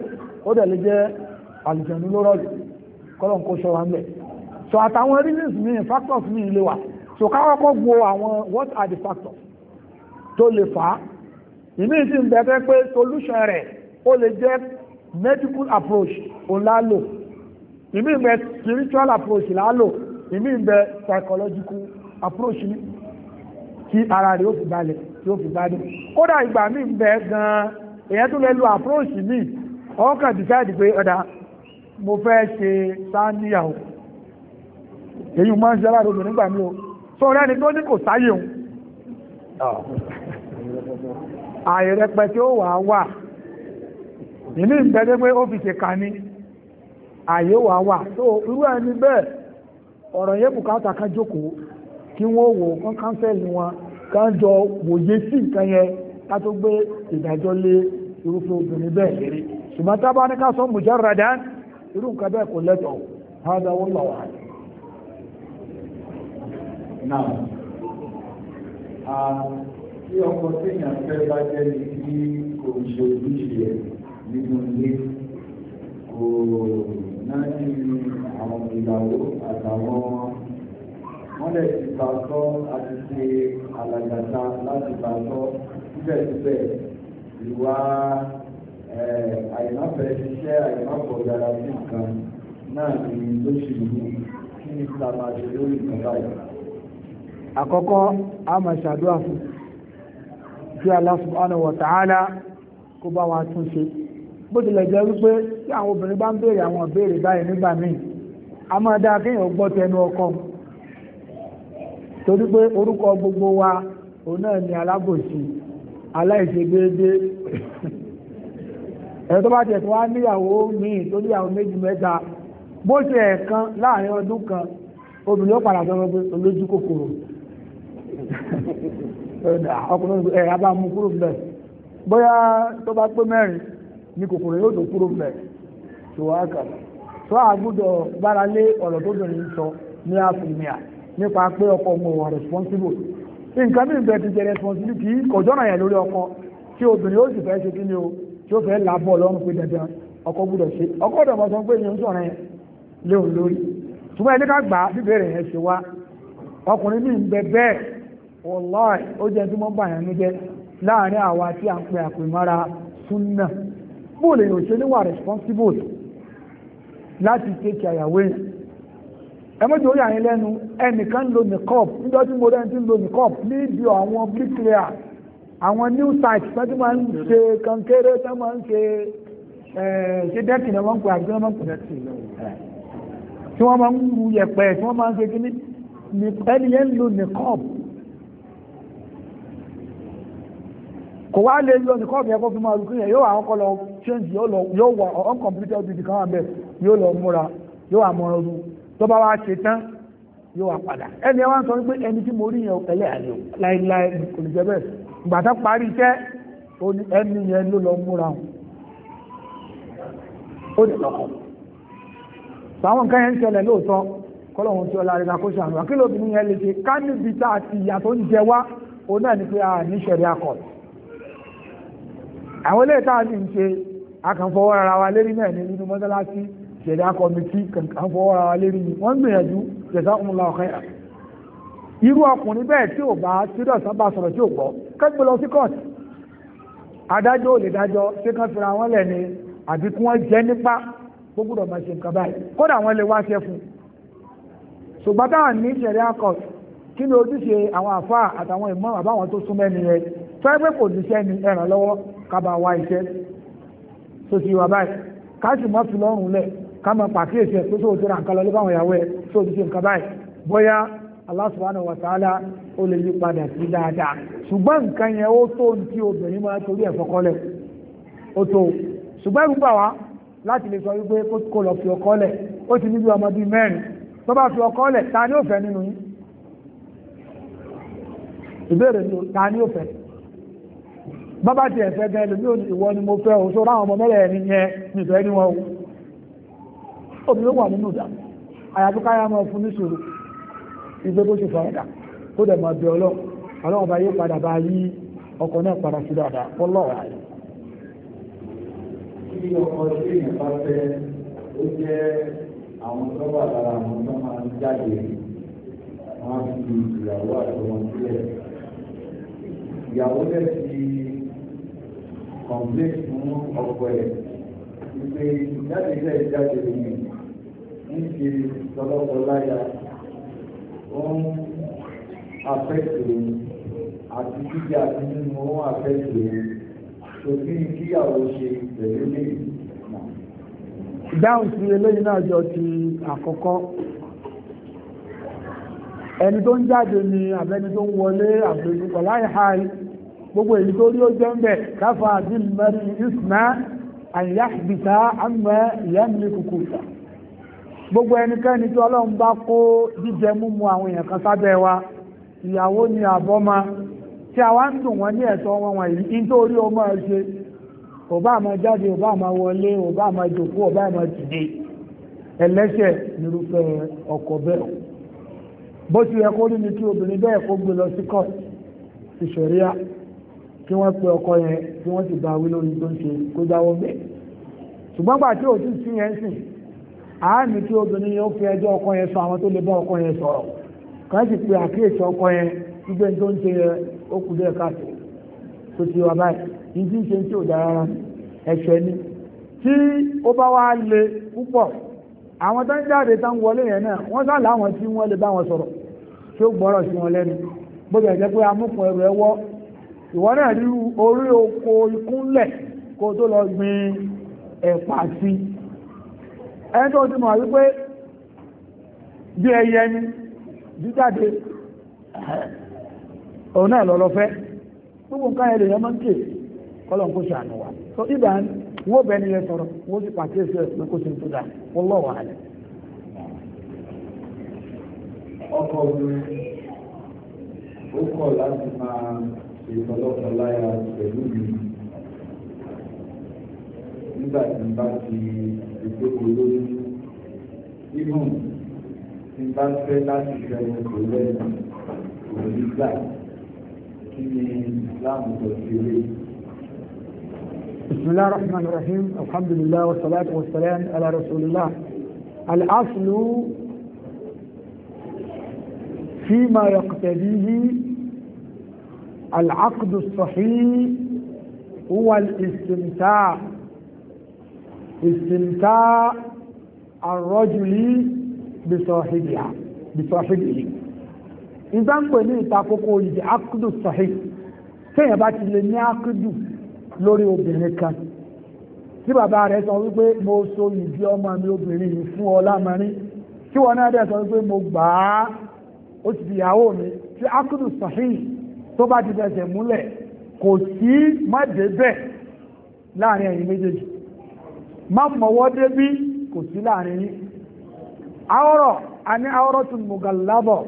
ó dẹ̀ lè jẹ́ àlùjẹ̀nu ló rọ̀lù kọ́lọ̀ ń kó ṣọ́ wa ń bẹ̀ so àtàwọn reasons mi factors mi lè wà so káwọ́ kọ́ gbo àwọn what are the factors tó lè fà á ìmí ìsì ń bẹ̀ẹ́ pé solution rẹ̀ ó lè jẹ́ medical approach òun lálò ìmí ìbẹ̀ spiritual approach lálò ìmí ìbẹ̀ psychological approach ní kí ara rẹ̀ ó fi balẹ̀ tí ó fi gbádùn kódà ìgbà míì ń bẹ gan-an èyàn tó lè lo approach míì ọkàn decide pé ọ̀dà mo fẹ́ ṣe sáníyàwó èyí máa ń ṣe aláàrẹ obìnrin gbà mí o sọ rẹ́ni tó ní kò sáyé òun ààyè rẹpẹtẹ ó wà wà ìní ìgbẹ́dẹ́ ó fi ṣe ka ní wà wà tó irú ẹni bẹ́ẹ̀ ọ̀rọ̀ yẹn bùkátà kan jókòó kí wọ́n wò kán kánsẹ́lì wọn kán jọ wòye sí nǹkan yẹn ká tó gbé ìdájọ́ lé irúfẹ́ obìnrin bẹ́ẹ̀ lérí ṣùgbọ́n a bá ní ká sọ irú nǹkan bẹ́ẹ̀ kò tí ọkọ̀ tí èèyàn fẹ́ bá jẹ́ ní tí kò ń ṣe ojúṣe ẹ̀ nínú ilé kò náà ní àwọn ìyàwó àtàwọn mọ́lẹ̀ ti bá tọ́ àti ṣe alàgbàta láti bá tọ́ síbẹ̀síbẹ̀ ìwà àìmáfẹ́ ṣiṣẹ́ àìmáfọ̀ yàrá sí nǹkan náà ni lóṣù yìí kí ni sábà ṣe lórí ìkan àkọ́kọ́ a máa ṣàdúrà fún un kí Allah kó bá wa tún ṣe bó tilẹ̀ jẹ́ wípé tí àwọn obìnrin bá ń bèèrè àwọn ìbéèrè báyìí nígbà míì a máa dáa kéèyàn gbọ́ tẹnu pé orúkọ gbogbo wa òun náà ni alábòsí aláìṣedéédé ẹ̀rọ tó bá tiẹ̀ tó wá níyàwó míì tó níyàwó méjì mẹ́ta bó ṣe ẹ̀ẹ̀kan láàrin ọdún kan ọkùnrin ẹ̀ abá mú kúrò bẹ̀ bóyá tó bá pé mẹ́rin ní kòkòrò yóò tó kúrò bẹ̀ tó wá kà tó àgbúdọ̀ gbára lé ọ̀rọ̀ tó bìnrin sọ ní àfìmíà nípa pé ọkọ ọmọ wà responsible nǹkan bí nǹkan ti jẹ responsibility kọjọ́nà yẹn lórí ọkọ tí obìnrin ó sì fẹ́ ṣe kí ni o tí ó fẹ́ làbọ̀ lọ́rùn pé dandan ọkọ gbúdọ̀ ṣe ọkọ ọ̀dọ̀ mọ̀ sọ pé ìyẹn ń sọ̀rọ̀ yẹn lórí ṣùgbọ́n ẹni ká gbà á bíbélì yẹn ṣe wá ọkùnrin ní ń bẹ bẹ́ẹ̀ wọláì ó jẹ́ tí wọ́n bà yẹn ní jẹ́ láàrin àwa tí a ń pè àpèmọ́ra súnà bóò lè yòó ṣe níwà responsible láti kéèkì àyàwó yẹn ẹmọ́jì ó yà yín lẹ́nu ẹnìkan lo nìkọ́p níjọ́ tí mo rẹ́ni tí ń lo nìkọ́p ní ibi àwọn bricklayer àwọn new site tí wọ́n máa ń ṣe kankéré tí wọ́n máa ń ṣe ṣe dẹ́kì ni wọ́n ń pè àti tí wọ́n máa ń pè dẹ́kì tí wọ́n máa ń ru yẹ̀pẹ̀ tí wọ́n máa ń ṣe kíní ẹni yẹn lo nìkọ́p kò wá lè yọ nìkan ọ̀bẹ ẹ̀kọ́ fún máa rú kíyàn yóò àwọn kọlọ change yóò wọ uncompleted duty kan wà bẹ́ẹ̀ yóò lọ múra yóò àmọ́ra ọdún tó bá wá ṣe tán yóò wà padà ẹni ẹ wá ń sọ wípé ẹni tí mo rí yẹn ẹlẹ́ àlẹ́ o kò bẹ́ẹ̀ ìgbà tó parí iṣẹ́ ẹni yẹn ló lọ múra ó sàwọn nǹkan yẹn ń ṣẹlẹ̀ lóòótọ́ tí ọlá rẹ̀ kó àwọn ilé ìta sì ń ṣe akànfọwọ́ ara wa lérí náà ní nínú mọ́sálásí ṣẹ̀dá kọmitì kànfọwọ́ ara wa lérí ni wọ́n gbìyànjú ṣẹ̀dá ọmọlá ọ̀kẹ́ irú ọkùnrin bẹ́ẹ̀ tí ò bá tí dọ̀sán bá sọ̀rọ̀ tí ò gbọ́ kẹ́gbẹ́ lọ sí kọ́ọ̀tù adájọ́ ò lè dájọ́ ṣé kán fira wọn lẹ̀ ni àbí kí wọ́n jẹ́ nípa gbogbo ọmọ ṣe nǹkan báyìí kódà wọ́n lè wáṣẹ́ fún un ṣùgbọ́n táwọn ní ìṣẹ̀lẹ̀ akọ̀t kí ni ojúṣe àwọn àfáà àtàwọn ìmọ̀ àbáwọn tó súnmọ́ ẹni yẹn fẹ́ẹ́ pé kò níṣẹ́ ni ẹ̀ràn lọ́wọ́ kábà wá iṣẹ́ tó ti wà báyìí káàsì mọ́ fi lọ́rùn lẹ̀ ká máa pàkíyèsí ẹ̀ pé tó ti ra nǹkan lọ lọ́bàwọn ìyàwó ẹ̀ tó ti ṣe nǹkan báyìí bóyá Allah subhanahu wa ta'ala ó lè yí padà sí dáadáa ṣùgbọ́n nǹkan yẹn ó tó ní tí obìnrin máa torí ẹ̀ fọkọ́lẹ̀ ó tó ṣùgbọ́n ìrúgbà wá láti lè sọ wípé kó lọ fi ọkọ lẹ̀ ó ti níbi ọmọ bíi mẹ́rin tó bá fi ọkọ lẹ̀ ta ni ó fẹ́ nínú yín ìbéèrè ni ta ni ó fẹ́ bábá ti ẹ̀fẹ́ gan ẹlòmí ò ìwọ ni mo fẹ́ òṣó ráwọn ọmọ mẹ́rẹ̀ ẹni yẹn nìfẹ́ ní wọn o omi ló wà nínú ìdá àyàfi káyà máa fún níṣòro ìgbé bó ṣe fàyàdà kó dẹ̀ máa bẹ ọlọ́run ọlọ́run bá yé padà bá yí ọkọ̀ náà padà sí dáadáa fọlọ́ọ̀ àyè. kí fẹ́ ó jẹ́ àwọn tó wà lára àwọn tó máa kọ̀m̀plé fún ọ̀pọ̀ ẹ̀ wípé jáde ilé ìjáde nìyí ń ṣe lọ́lọ́pọ̀ láyà ó ń afẹ́kẹ̀ẹ́ àti jíjẹ àti sí eléyìí náà jọ ti àkọ́kọ́ ẹni tó ń jáde ni àbẹ́ni tó ń wọlé àbẹ́ni pẹ̀láì háì gbogbo èyí tó rí ó jẹ́ káfà àti mẹ́rin ìsìnà àyàbìtà àmọ́ gbogbo ẹnikẹ́ni tí ọlọ́run bá kó jíjẹ múmu àwọn èèyàn kan sábẹ́ wa ìyàwó ni àbọ́mọ tí a wá ń dùn wọn ní ẹ̀tọ́ wọn wọ̀nyí nítorí ó máa ṣe ó bá máa jáde ó wọlé jòkó kí wọ́n pe ọkọ yẹn kí wọ́n ti bá wí lórí tó ń ṣe kó jáwọ́ bẹ́ẹ̀ ṣùgbọ́n gbà tí òtún sí yẹn sìn àánú tí obìnrin yẹn ó fi ẹjọ́ ọkọ yẹn sọ àwọn tó lè bá ọkọ yẹn sọ̀rọ̀ kàn sì pe àkíyèsí ọkọ yẹn gbígbé tó ń ṣe yẹn ó kù dé ẹ̀ka tó tó ti wà báyìí ìdí ń ṣe tí ò dára rárá ẹ̀ṣẹ̀ ni tí ó bá wá le púpọ̀ àwọn tó ń jáde tó ń wọlé yẹn náà wọ́n sá láwọn tí wọ́n lè bá wọn sọ̀rọ̀ tí ó gbọ́rọ̀ sí wọn lẹ́nu bó iwa náà rírú orí oko ikúnlẹ̀ kó tó lọ gbin ẹ̀pà sí ẹni tó ti mọ̀ wípé bí ẹyẹ ni jíjáde òun náà lọ lọ́fẹ́ gbogbo nǹkan ẹ̀rẹ̀ yẹn máa ń kè so ibà ń wó bẹ́ẹ̀ sọ̀rọ̀ wó sì pàkíyèsí ó kọ̀ ìfọlọ́kan láyà pẹ̀lú mi nígbà tí n bá ti ìgbéko lóyún ìmọ̀ tí n bá fẹ́ láti fẹ́ràn kò lẹ́nu kò gbà kí ni Islam sọ sí بسم الله الرحمن الرحيم الحمد لله والصلاة والسلام على رسول الله الأصل فيما يقتديه العقد الصحيح هو الاستمتاع استمتاع الرجل بصاحبها بصاحبه ìgbà ń pè ní ìtakókò ìdí akudu sọ̀hí téèyàn bá ti lè ní akudu lórí obìnrin kan tí bàbá rẹ̀ sọ wípé mo so ìdí ọmọ mi obìnrin yìí fún ọ lámarin tí wọn náà dẹ̀ mo gbà á ti di mi tí akudu sọ̀hí tó bá ti fẹsẹ̀ múlẹ̀ kò sí mọ́débẹ̀ láàrin ẹ̀yin méjèèjì má mọ̀wọ́ débí kò sí láàrin yín awọ́rọ̀ a ní tún mọ̀gàlábọ̀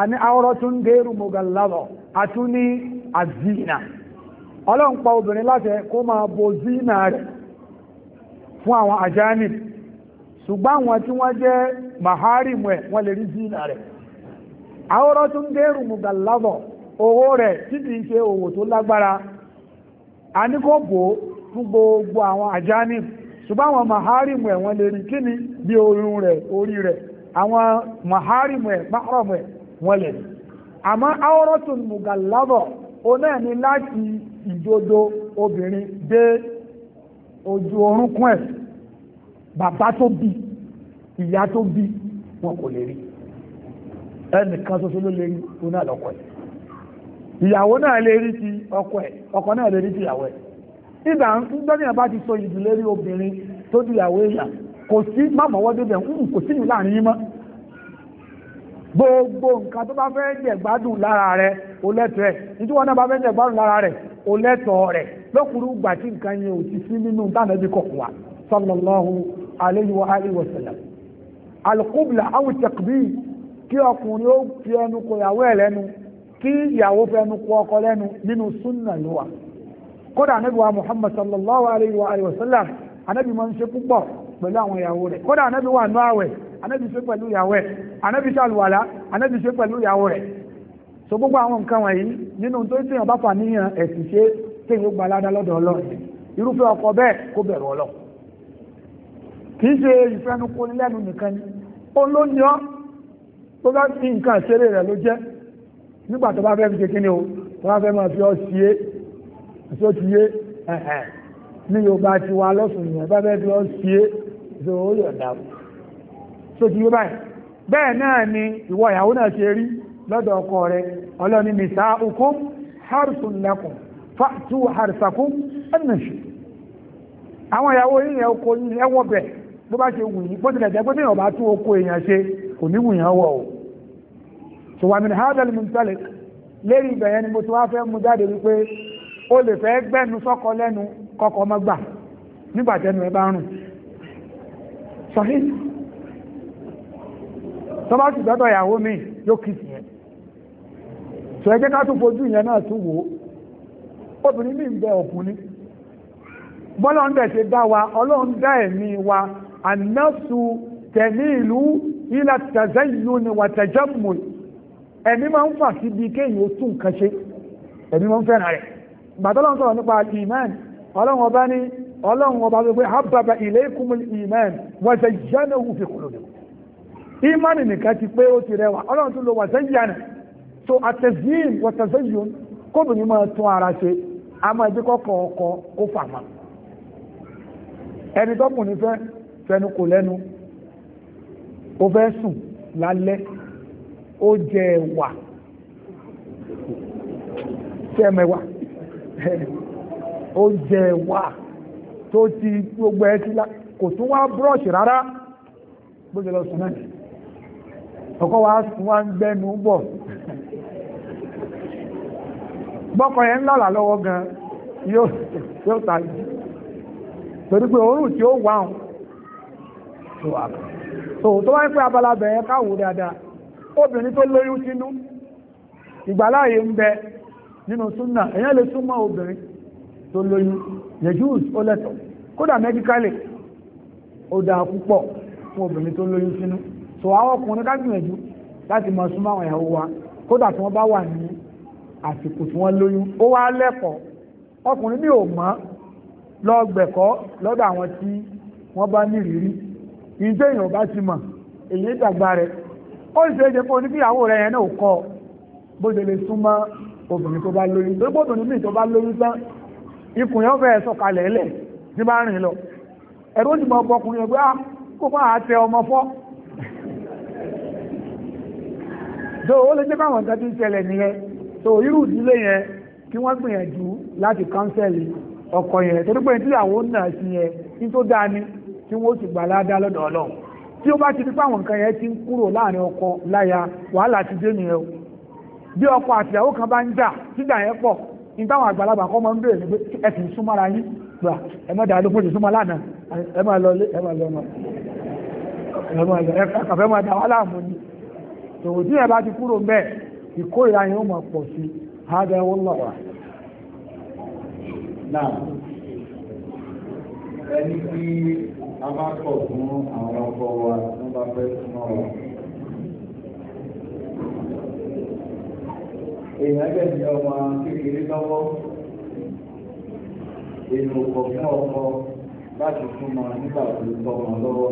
a ní awọ́rọ̀ tún gẹ́rù mọ̀gàlábọ̀ a tún ní àzínà ọlọ́run pa obìnrin láti kó máa bo zínà rẹ̀ fún àwọn àjáni ṣùgbọ́n àwọn tí wọ́n jẹ́ maharimu ẹ̀ wọ́n lè rí zínà owó rẹ̀ títí kì í ṣe òwò tó lágbára a ní kó bò fún gbogbo àwọn àjáni ṣùgbọ́n àwọn maharimu ẹ̀ wọ́n lè rí kí ni bí orun rẹ̀ orí rẹ̀ àwọn maharimu ẹ̀ maharamu ẹ̀ wọ́n lè rí àmọ́ awratun mugallaba o náà ni láti ìdodo obìnrin dé ojú orúnkún ẹ̀ bàbá tó bí ìyá tó bí wọn kò lè rí ẹnìkan ṣoṣo ló lè rí oní àlọ́kọ̀ ẹ̀ ìyàwó náà lè rí ti ọkọ ẹ̀ ọkọ náà lè rí ti ìyàwó ẹ̀ nígbà ńgbọ́nìyàn bá ti sọ ìdù rí obìnrin tó di ìyàwó èèyàn kò sí ń kò sí láàrin gbogbo nǹkan tó bá fẹ́ jẹ̀gbádùn lára rẹ̀ o lẹ́tọ̀ọ́ ẹ̀ nítorí wọn náà bá fẹ́ jẹ̀gbádùn lára rẹ̀ o lẹ́tọ̀ọ́ rẹ̀ lókùrú gbà tí nǹkan yẹn ò ti sí nínú dáná bí kọ̀kọ̀ wa sallallahu alayhi wa wa sallam kí ìyàwó fẹnu kú ọkọ lẹ́nu nínú súnà ló wà kódà ànábì wa muhammad sallallahu alayhi wa alayhi wa sallam ànábì máa ń ṣe púpọ̀ pẹ̀lú àwọn ìyàwó rẹ̀ kódà ànábì wà nú àwẹ̀ ànábì ṣe pẹ̀lú ìyàwó rẹ̀ ànábì ṣàlùwàlá ànábì ṣe pẹ̀lú ìyàwó rẹ̀ so gbogbo àwọn nǹkan wọ̀nyí nínú tó ń tèèyàn bá fà níyàn ẹ̀sìn ṣe téèyàn gba aládá lọ́dọ̀ ọlọ́run irúfẹ́ ọkọ nígbà tó bá fẹ́ fi kékeré o tó bá fẹ́ máa fi ọ́ sí é tí ó ti yé ẹ̀hẹ̀ ní yorùbá ti wá lọ́sùn ìyẹn bá fẹ́ fi ọ́ sí é tó ó yọ̀ dá o tó ti yé báyìí bẹ́ẹ̀ náà ni ìwọ ìyàwó náà ṣe rí lọ́dọ̀ ọkọ rẹ ọlọ́ni nìta ukum harsun lakum fa'tu harsakum ẹnìṣù àwọn ìyàwó yìí yẹn oko yìí ẹwọ́ bẹ̀ bó bá ṣe wù yín bó tilẹ̀ jẹ́ pé so wà mí hádà lè mú tẹ́lẹ̀ lérí ibẹ̀ yẹn ni mo ti wá fẹ́ mú jáde wípé o lè fẹ́ gbẹ́nu sọ́kọ lẹ́nu kọ́kọ́ mọ́ gbà nígbà tẹnu ẹ bá rùn sọ́hí tó bá sì dọ́dọ̀ ìyàwó mi yóò kì sí yẹn so ẹ ká tún fojú ìyẹn náà tún wò ó obìnrin mi ń bẹ òkun ni bọ́lá ń bẹ̀ ṣe dá wa ọlọ́run dá ẹ̀mí wa ànáṣu tẹ̀mí ìlú ilà tẹ̀zẹ́yìn ni wà tẹ̀jẹ́ mùí ẹ̀mí máa ń fà síbi kéèyàn ó tún nǹkan ṣe ẹ̀mí máa ń fẹ́ràn rẹ̀ gbàtọ́lọ́n sọ̀rọ̀ nípa ìmán ọlọ́run ọba ní ọlọ́run ọba gbogbo hababa ilaykumul ìmán wa zayyanahu fi qulubikum ìmán nìkan ti pé ó ti rẹwà ọlọ́run tún lo wa zayyana so àtẹ̀síìn wa tazayyun kóbìnrin máa tún ara ṣe a máa jẹ́ kọ́kọ́ ọkọ kó fà má ẹni tọkùnrin fẹ́ fẹnu kò lẹ́nu ó fẹ́ sùn lálẹ́ ó jẹ wa, o mẹ́wà ó jẹ ẹ̀wà tó ti gbogbo ẹ sí kò tún wá búrọ̀ṣì rárá bó ṣe lọ sùn náà ọkọ̀ wá sùn wá ń gbẹ́nu bọ̀ bọ́kọ̀ yẹn lọ́wọ́ gan yóò torí pé òórùn tí ó wà ń tó wà tó wá wáyé pé abala obìnrin tó lóyún sínú ìgbàláyé ń bẹ nínú súnà èyàn lè súnmọ́ obìnrin tó lóyún yejus ó lẹ́tọ̀ kódà mẹ́díkálì ó dáa púpọ̀ fún obìnrin tó lóyún sínú so àwọn ọkùnrin ká gbìyànjú láti máa súnmọ́ àwọn ìyàwó wa kódà tí wọ́n bá wà ní àsìkò tí wọ́n lóyún ó wá lẹ́kọ̀ọ́ ọkùnrin ní ò mọ́ lọ gbẹ̀kọ́ lọ́dọ̀ àwọn tí wọ́n bá ní ìrírí ìjẹ́ èèyàn bá ti mọ̀ èyí dàgbà rẹ̀ ó sì ṣe pé onígbìyàwó rẹ̀ yẹn náà kọ bó ṣe lè súnmọ́ obìnrin tó bá lóyún tó gbọ́dọ̀ níbi tó bá lóyún tán ikùn yẹn fẹ́ẹ́ sọ̀kalẹ̀ ẹlẹ̀ tí bá rìn lọ ẹ̀rọ ti mọ ọkùnrin ẹgbẹ́ ah, kó máa tẹ ọmọ fọ́ tó ó lè jẹ́ káwọn nǹkan ti ń ṣẹlẹ̀ nìyẹn tó irú ìdílé yẹn kí wọ́n gbìyànjú láti kánsẹ̀lì ọkọ yẹn torí tíyàwó náà sí yẹn ní tó dáa ni tí wọ́n sì gbà ládàá lọ́dọ̀ ọlọ́run tí ó bá ti di páwọn nǹkan yẹn ti ń kúrò láàrin ọkọ láya wàhálà ti dé nìyẹn o bí ọkọ àtìyàwó kan bá ń jà sígbà yẹn pọ̀ ní táwọn àgbàlagbà kọ máa ń béèrè pé ẹ sì ń súnmọ́ra yín gbà ẹ mọ́ dàá lánàá ẹ máa lọ ẹ máa lọ ẹ máa lọ ẹ kàfẹ́ máa dà a bá kọ̀ fún àwọn ọkọ̀ wa tó bá fẹ́ súnmọ́ wa. Èèyàn gẹ̀ẹ́sì ọmọ kékeré lọ́wọ́, èèyàn kọ̀ fún ọkọ̀ láti súnmọ́ nígbà tó tọ́ wọn lọ́wọ́.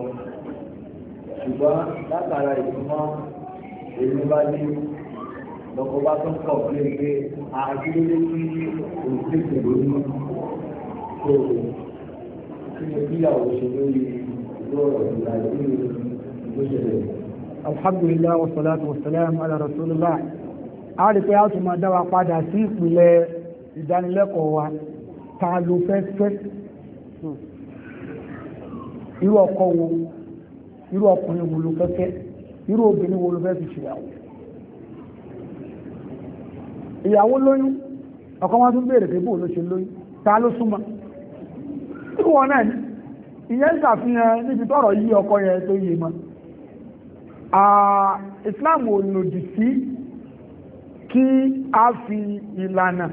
Ṣùgbọ́n látara ìsúnmọ́ èmi bá dé lọ́kọ̀ bá tó ń kọ̀ pé pé àdúró sí òṣèlú lónìí kí ni kíyàwó ṣe lórí lọ́rọ̀ ìlà ìlú ìgbésẹ̀lẹ̀. alhamdulillah wa salatu wa salam ala rasulillah a rí pé a tún máa dá wa padà sí ìpìlẹ̀ ìdánilẹ́kọ̀ọ́ wa ta ló fẹ́ fẹ́ irú ọkọ wo irú ọkùnrin wo ló fẹ́ fẹ́ irú obìnrin wo ló fẹ́ fi ṣèyàwó ìyàwó lóyún ọkọ wọn tún béèrè pé bóun ṣe lóyún ta ló súnmọ́ tí wọ́n náà ìyẹn ṣàfihàn níbi tọ́rọ̀ yí ọkọ yẹn tó yé mọ́ Islam ò lòdì sí kí a fi ìlànà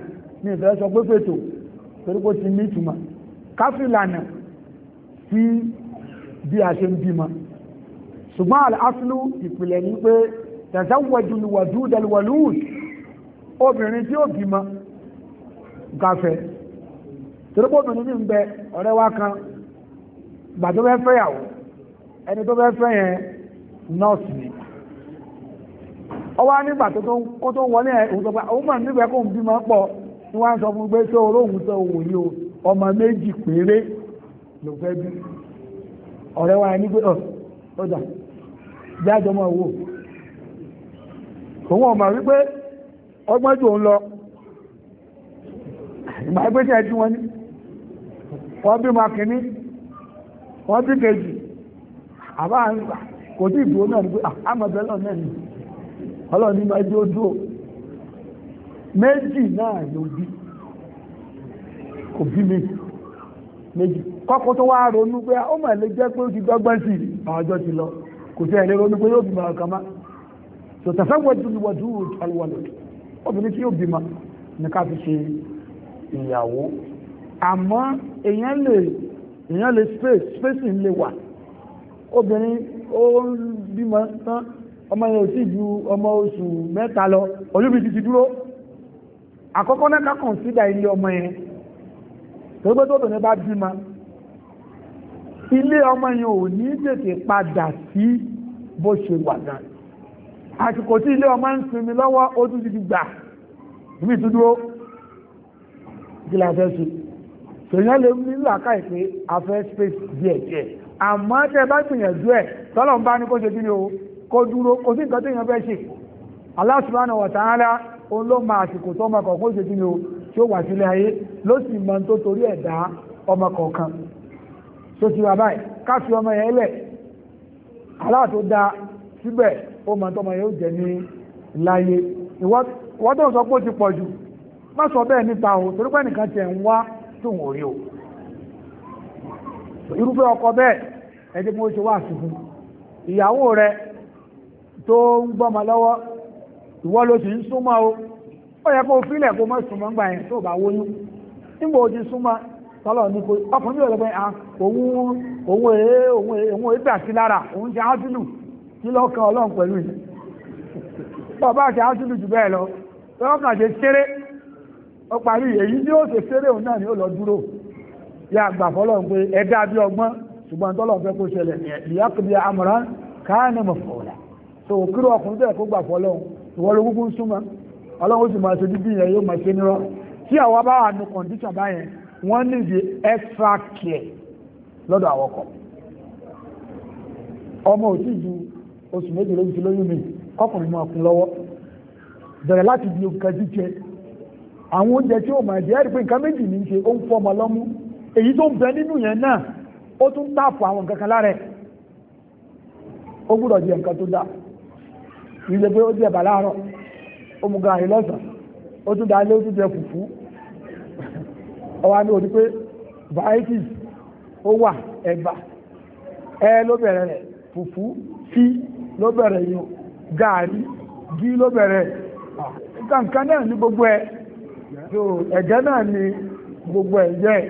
ní ìfẹ́ sọ pé fètò torí kó ti ní ìtumọ̀ ká fi ìlànà sí bí a ṣe ń bímọ ṣùgbọ́n aláfínú ìpìlẹ̀ ní pé tẹ̀sẹ̀wọ̀jú ni wàdúdẹ̀lúwàlúùd obìnrin tí ó bímọ gáfẹ́ torípò obìnrin ní ń bẹ ọ̀rẹ́ wa kan gbà tó fẹ́ fẹ́yàwó ẹni tó fẹ́ fẹ́ yẹn nọ́ọ̀sì ni nígbà tó tó ń wọlé ẹ̀ tó pa kó ń bímọ pọ̀ wọ́n á tó olóhùn o ọmọ méjì péré ló fẹ́ bí ọ̀rẹ́ wa ní pé ọ̀ òun wípé ọgbọ́n wọ́n bí ma kìíní wọ́n bí kejì àbá àríwá kò tí ìdúró náà ah, ní pé àmọ̀bẹ̀ náà náà ní ọlọ́ọ̀ni máa jẹ́ ojú o méjì náà ló bí kò bí mi méjì kọ́kọ́ tó wá ronú pé ó mà lè jẹ́ pé ó ti dọ́gbọ́n sí ọjọ́ ti lọ kò sí ẹ̀lẹ́ ronú pé yóò bímọ ọ̀kan má so tẹ̀fẹ́ wọ́jú ni wọ́jú alùwalù obìnrin tí yóò bímọ ní ká fi ṣe ìyàwó àmọ́ èèyàn lè èèyàn lè space space lè wà obìnrin ó ń bímọ tán ọmọ yẹn ò sí ju ọmọ oṣù mẹ́ta lọ olúbi ti ti dúró àkọ́kọ́ náà ká kọ̀nsídà ilé ọmọ yẹn torí pé tó bẹ̀rẹ̀ bá bímọ ilé ọmọ yẹn ò ní tètè padà sí bó ṣe wà náà àsìkò tí ilé ọmọ ń sinmi lọ́wọ́ ó tún ti gbà ìbí ìtúdúró kí la fẹ́ ṣe tòyán lè ní làákàyè pé afẹ́ space díẹ̀ díẹ̀ àmọ́ tẹ́ bá gbìyànjú ẹ̀ tọ́lọ̀ ń bá ní kó ṣe ni o kó dúró kó sí nǹkan téèyàn fẹ́ ṣe Allah subhanahu wa ta'ala ló máa àsìkò tó ọmọ kọ̀ọ̀kan ó ṣe o tí ó wà ayé ló sì mọ tó torí ọmọ kọ̀ọ̀kan tó ti wà báyìí ká fi ọmọ yẹn ó mọ ó jẹ tóun ò rí o irúfẹ́ ọkọ bẹ́ẹ̀ ẹni mo wá ìyàwó rẹ tó ń gbọ́mọ lọ́wọ́ ìwọ ló ń súnmọ́ o ó yẹ kó fílẹ̀ kó mọ́ súnmọ́ gbà yẹn tó bá wóyún nígbà súnmọ́ tọ́lọ̀ ní kó ọkùnrin yóò òun òun èé òun èé òun èé gbà sí lára òun ti kí lọ́kàn ọlọ́run pẹ̀lú yìí bọ́ọ̀ bá ti ó parí èyí ní ó ṣe fẹ́rẹ̀ òun náà ni ó lọ dúró ya àgbà fọ́lọ̀ pé ẹ̀dá bí ọgbọ́n ṣùgbọ́n tọ́lọ̀ fẹ́ kó ṣẹlẹ̀ ìyákùnbí amọ̀rán káàní mọ̀ fọ́lá so òkúrò ọkùnrin bẹ́ẹ̀ kó gbà fọ́lọ̀ ìwọ ló gúgún súnmọ́ ọlọ́run sì máa ṣe bíbí yẹn yóò máa ṣe nírọ́ tí àwa bá wà ní kọ̀ǹdíṣàn báyẹn wọ́n ní di extra care lọ́dọ̀ àwọn ọkọ ọmọ ò tí ju oṣù méjì lóyún ti lóyún mi kọkùnrin mọ̀ ọkùnrin lọ́wọ́ bẹ̀rẹ̀ láti di nǹkan jíjẹ àwọn oúnjẹ tí ó máa jẹ́ ẹ̀rí pé nǹkan méjì ní ṣe ó ń fọmọ lọ́mú èyí tó ń bẹ nínú yẹn náà ó tún tààpù àwọn nǹkan kan lára ẹ̀ ó gbúdọ̀ jẹ nǹkan tó dáa kìí ṣe pé ó jẹ bàláàrọ̀ ó mu gààrí lọ́sàn ó tún dá ilé ó tún jẹ fùfú ọwọ́ ní òní pé varieties ó wà ẹ̀bà ẹ ló bẹ̀rẹ̀ rẹ̀ fùfú fi ló bẹ̀rẹ̀ yìí gààrí gí ló bẹ̀rẹ̀ nǹkan náà ní gbogbo ẹ̀ so ẹ̀jẹ̀ náà ni gbogbo ẹ̀jẹ̀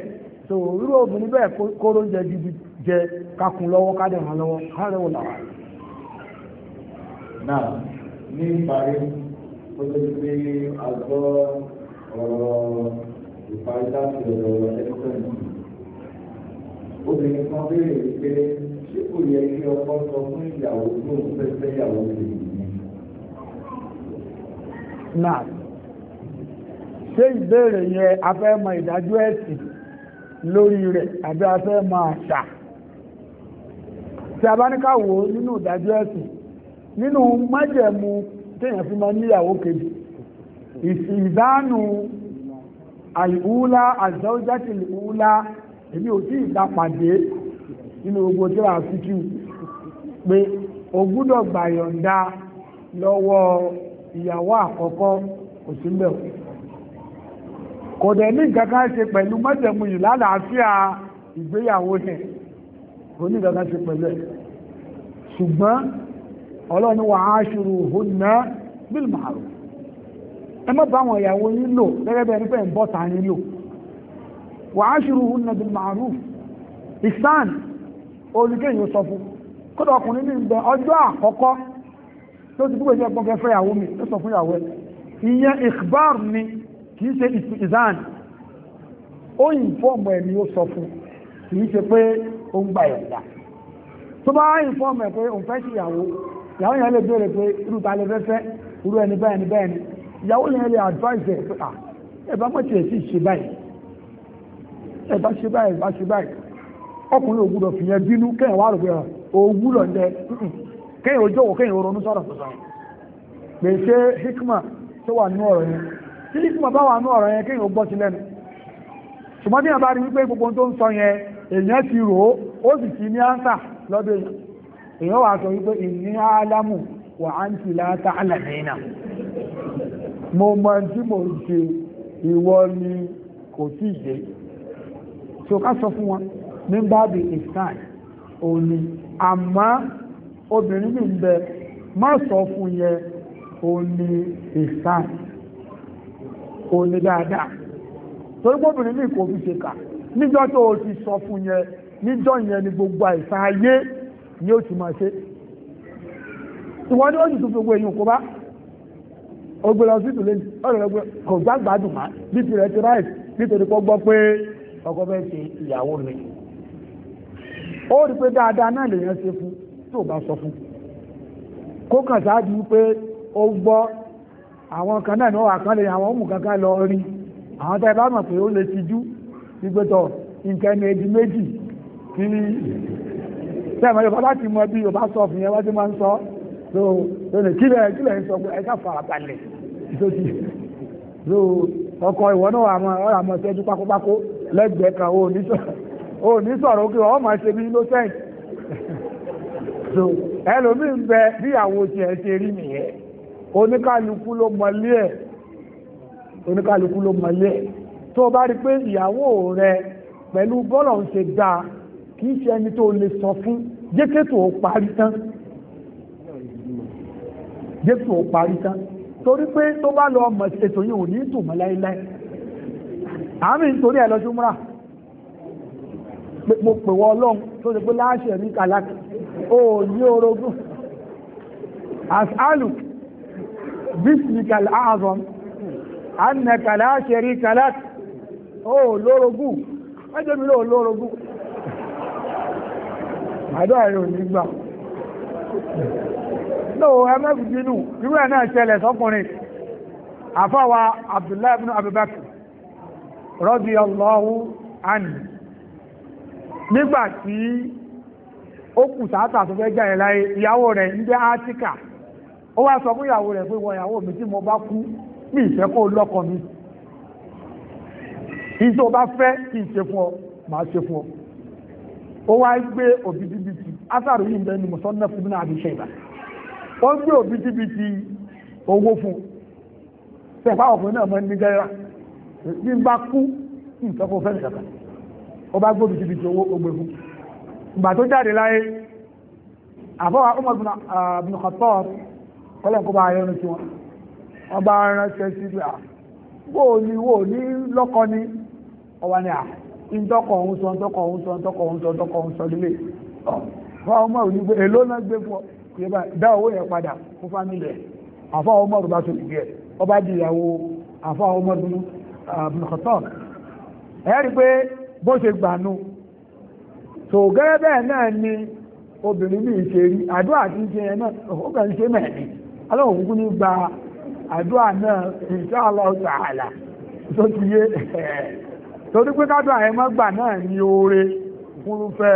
so irú obìnrin bẹ́ẹ̀ kóró ń jẹ gidi jẹ kakùn lọ́wọ́ kádẹ̀ hàn lọ́wọ́ kádẹ̀ wò làwà. náà ní ìparí ó lè gbé àgọ́ ọ̀rọ̀ ìparí láti ọ̀rọ̀ ẹ̀sìn obìnrin kan béèrè pé ṣé kò yẹ kí ọkọ sọ fún ìyàwó tó ń fẹ́ fẹ́ ìyàwó rẹ̀ nìyẹn. náà ṣé ìbéèrè yẹn afẹ́ mọ ìdájọ́ ẹ̀sìn lórí rẹ̀ àbí afẹ́ mọ àṣà tí a bá ní ká wò ó nínú ìdájọ́ ẹ̀sìn nínú májẹ̀mú téèyàn fi máa níyàwó kejì ìsìndánù àìhúlá ìhúlá èmi ò tí ìdápàdé nínú gbogbo tí wàá fi kíw pé o gbúdọ̀ gbàyọ̀ǹda lọ́wọ́ ìyàwó kò dẹ̀ ní nǹkan kan ṣe pẹ̀lú mọ́jẹ̀mú yìí lálàáfíà ìgbéyàwó yẹn kò ní nǹkan kan ṣe pẹ̀lú ẹ̀ ṣùgbọ́n ọlọ́ni wà á ṣòro hunna bil ma'ruf ẹ má bá àwọn ìyàwó yín lò gẹ́gẹ́ bẹ́ẹ̀ ní pé ń bọ́ta yín lò wà á ṣòro hunna bil ma'ruf ìsán olùkẹ́yìn ni kìí ṣe ìsìnzán ó ìfọ́ọ̀mù ẹ̀ ni ó sọ fún kìí ṣe pé ó ń gba ẹ̀dà tó bá ìfọ́ọ̀mù si pé òun fẹ́ sí ìyàwó ìyàwó yẹn lè béèrè pé irú ta lè fẹ́fẹ́ irú ẹni ìyàwó yẹn lè advise ẹ̀ pé à ẹ̀ bá mọ̀tì ẹ̀ ṣe báyìí ẹ̀ ṣe báyìí bá ṣe báyìí ọkùnrin ò tí ìsìnkú bá wà ní ọ̀rọ̀ yẹn kéèyàn gbọ́ sí lẹ́nu ṣùgbọ́n ní wípé gbogbo tó ń sọ yẹn èèyàn ti rò ó ó sì ti ní áńsà lọ́dọ̀ èèyàn wà sọ wípé ìní álámù wà á ń ti láta àlàmìnà mo mọ tí mo ń ṣe ìwọ ni kò ká sọ fún wọn ní ìsàn òní àmọ́ òun dáadáa torí gbóbìnrin ní kò fi ṣèkà níjọ́ tó o ti sọ fún yẹn yẹn ni gbogbo àìsàn ayé ni ó ti máa ṣe ìwọ ni ó sì tún gbogbo kó bá o gbé lọ sí kò gbàgbà dùn má bí tirẹ̀ ti ráìsì nítorí kó gbọ́ pé ọkọ fẹ́ ṣe ìyàwó mi ó rí pé dáadáa náà lèèyàn ṣe fún tó bá sọ fún kó àwọn kan náà ni wọ́n wà kán lè àwọn ọmọ kankan lọ rí àwọn tẹ́ bá mọ̀ pé ó lè ti jú ìgbẹ́tọ̀ nǹkan ẹni ẹbí méjì kí ni tẹ́ẹ̀mọ́ yóò bá ti mọ bí yóò bá sọ fún yẹn wá sí máa ń sọ so lónìí kílẹ̀ kílẹ̀ ń sọ pé ẹ̀ka fara balẹ̀ tó ti so ọkọ̀ ìwọ náà àmọ́ ọ̀rọ̀ àmọ́ ṣẹ́jú pákópákó lẹ́gbẹ̀ẹ́ kan ò ní sọ̀rọ̀ kí wọ́n máa ṣe bí innocent so ẹlòmíì ń bẹ bí àwọn ṣe rí nìyẹn oníkálukú ló mọ̀lé ẹ̀ oníkálukú ló mọ̀lé ẹ̀ tó bá rí pé ìyàwó rẹ pẹ̀lú bọ́lọ̀ ń ṣe dáa kìí ṣe ẹni tó lè sọ fún jẹ́kẹ́tò ó parí tán jẹ́kẹ́tò ó parí tán torí pé tó bá lọ mọ̀ ètò yìí ò ní tùmọ̀ láíláí àmì nítorí ẹ̀ lọ́jọ́ múra mo pè wọ ọlọ́run tó ṣe pé láṣẹ rí kàlákì ó ní orogún as aluk bísmìkì àzọm annaka la sharika lak ó lórogún ẹjọ́ mi ló lórogún àdó àrẹ ò ní gbà lóò ẹmẹ́fù bínú irú ẹ̀ náà ṣẹlẹ̀ sọ́kùnrin àfáwa Abdullahi Abubakar radiyallahu anhu nígbàtí ó kù ta tó fẹ́ jáde ìyàwó rẹ̀ ń jẹ́ ó wá sọ fún ìyàwó rẹ̀ pé wọ ìyàwó mi tí mo bá kú mi ìfẹ́ kó lọ́kọ mi kí tó bá fẹ́ kí n ṣe fún ọ màá ṣe fún ọ ó wá gbé òbítíbitì ásàrò yìí ń bẹnu mùsọ́nà fún náà àbíṣẹ́ ìbá ó gbé òbítíbitì owó fún tẹ̀fà ọkùnrin náà mọ́ ní gẹ́rà ní bá kú ní ìfẹ́kọ̀ọ́ fẹ́ nìkàkà ó bá gbé òbítíbitì owó ó fún ìgbà tó jáde láyé àbọ̀wá Umar bin ah, kọ́lọ́n kó bá yọnu sí wọn wọ́n bá ránṣẹ́ sí pé wò ní wò ní lọ́kọ ní ọwọ́ ni à ntọ́kọ̀ òun sọ ntọ́kọ̀ òun sọ ntọ́kọ̀ òun sọ ntọ́kọ̀ òun sọ nílé fún ọmọ òní gbé èló náà gbé fún ọ kì í bá dá owó yẹn padà fún fámìlì ẹ̀ àfọ́ ọmọ rẹ̀ bá tó ìgbé ẹ̀ ọba di ìyàwó àfọ́ ọmọ rẹ̀ nìkọ̀tọ̀ ẹ̀ rí pé bó ṣe gbà nù gẹ́gẹ́ bẹ́ẹ̀ náà ni obìnrin mi ṣe rí àdúrà ti ṣe yẹn náà ó kàn ṣe mẹ́rin aláwọ̀ kúkú ní gba àdúrà náà insha Allah ta'ala tó ti yé torí pé kádùn àyẹ̀mọ́ gbà náà ní oore fúnfẹ́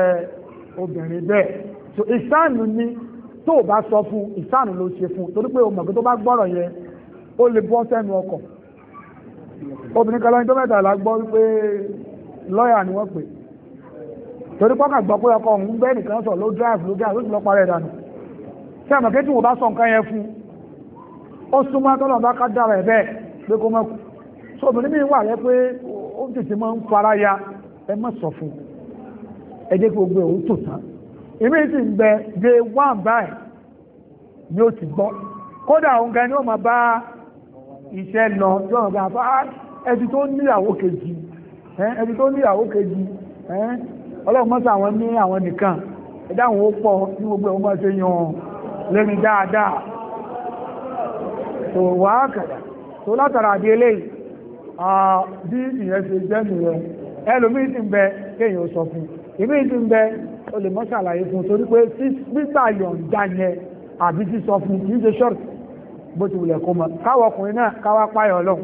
obìnrin bẹ́ẹ̀ so ìsáànù ni tó o bá sọ fún ìsáànù ló ṣe fún torí pé o mọ̀ pé tó bá gbọ́rọ̀ yẹn ó lè bọ́ sẹ́nu ọkọ̀ obìnrin kan lọ́yìn tó mẹ́ta la gbọ́ wípé lọ́ọ̀yà ni wọ́n pè torí pọ́kà gbọ́ pé ọkọ òun bẹ́ẹ̀ nìkan sọ ló dráìfù ló dráìfù ló ti lọ parẹ́ dànù sẹ́mi kẹ́tù wo bá sọ nǹkan yẹn fún un ó súnmọ́ tọ́lọ̀ bá ká dára ẹ̀ bẹ́ẹ̀ pé kó mi wà rẹ pé ó tètè máa ń fara ya ẹ má sọ fún ẹ jẹ́ kí gbogbo ẹ̀ ó tò tán ìmí sì ń bẹ dé wán báyìí ni ó ti gbọ́ kódà òun gan ni ó máa bá iṣẹ́ lọ lọ́rùn gan afá ẹni tó níyàwó kejì ẹni tó níyàwó kejì ọlọ́run mọ́sá àwọn ní tó wà kàdà tó látara àdé eléyìí bí ìyẹn ṣe jẹ́ nìyẹn ẹlòmíì ti ń bẹ kéèyàn sọ fún ìmí ti ń bẹ o lè mọ́ ṣàlàyé fún torí pé gbígbà yọ̀ǹda yẹn àbí sísọ fún kì í ṣe ṣọ́ọ̀tì bó ti wulẹ̀ kó mọ káwọ ọkùnrin náà káwá páyọ̀ ọlọ́run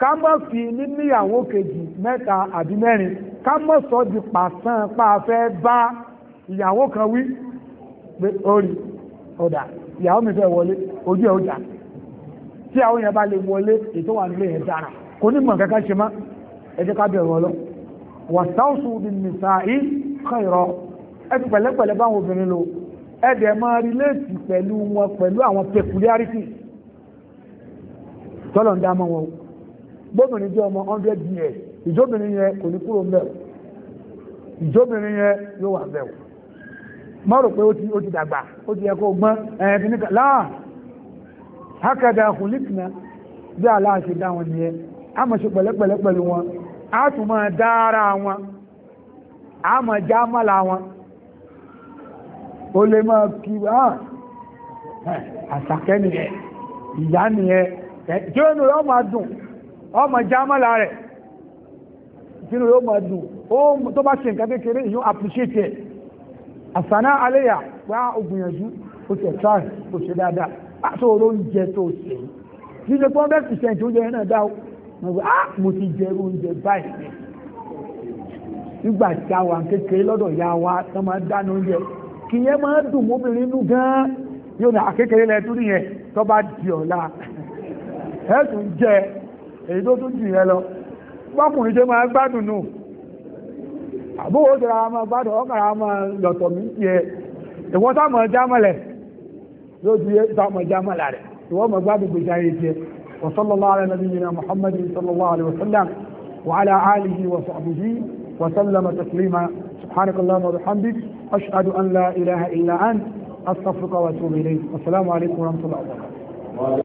ká mọ̀ fi níníyàwó kejì mẹ́ta àbí mẹ́rin ká mọ̀ sọ di pàṣán pa fẹ́ bá ìyàwó kan wí pé ó rí ọ̀dà ìyàwó mi fẹ́ wọlé ojú ẹ̀ ó jà tí àwọn èèyàn bá lè wọlé ètò wà nílé ẹ̀ dára kò ní mọ̀ kankan ṣe mọ́ ẹ jẹ́ ká bẹ̀rù ọlọ́ wàsáùsù bí nìsàáì kọ̀ìrọ̀ ẹ fi pẹ̀lẹ́pẹ̀lẹ́ bá àwọn obìnrin lò ẹ dẹ̀ máa rí léèsì pẹ̀lú wọn pẹ̀lú àwọn peculiarity tọ́lọ̀ ń dá mọ́ wọn gbóbìnrin jẹ́ ọmọ 100 years ìjóbìnrin yẹn kò ní kúrò mẹ́wọ̀ ìjóbìnrin yẹn yóò wà mẹ́wọ̀ mọ́ pé ó ti dàgbà ó ti yẹ kó gbọ́n ẹ̀ẹ́dínníkà láà hakada khuliqna bí aláà ṣe dá wọn nìyẹn a máa ṣe pẹ̀lẹ́pẹ̀lẹ́ pẹ̀lú wọn a tún máa dára wọn a máa já mọ́la wọn o lè máa kí wọ́n ah, àṣàkẹ́ nìyẹn ìyá nìyẹn tí ó nù yóò máa dùn ọ máa já mọ́la rẹ̀ tí ó yóò máa dùn ó tó bá ṣe nǹkan kékeré ìyún appreciate ẹ̀ àṣàná aléyà wá ògbìyànjú ó tẹ̀ try ó ṣe dáadáa àtòrò oúnjẹ tó ṣe nígbà pé hundred percent oúnjẹ náà dá mo gbé ah mo ti jẹ oúnjẹ báyìí nígbà tí a wà kékeré lọ́dọ̀ ìyá wa tó máa dáná oúnjẹ kì yẹn máa dùn mọ́bìnrin inú gan-an yóò ní àkékeré lẹ́tún nìyẹn tó bá di ọ̀la ẹ̀sùn jẹ èyí tó tún jù yẹn lọ bọ́kùnrin ṣe máa gbádùn nù àbúrò ó ṣe ra máa gbádùn ọkàrà máa lọ̀tọ̀ mí yẹ ìwọ́n sáà lójú yẹ ìta ọmọ ìjà mọ́lá rẹ̀ وصلى الله على نبينا محمد صلى الله عليه وسلم وعلى آله وصحبه وسلم تسليما سبحانك اللهم وبحمدك أشهد أن لا إله إلا أنت أستغفرك وأتوب إليك والسلام عليكم ورحمة الله وبركاته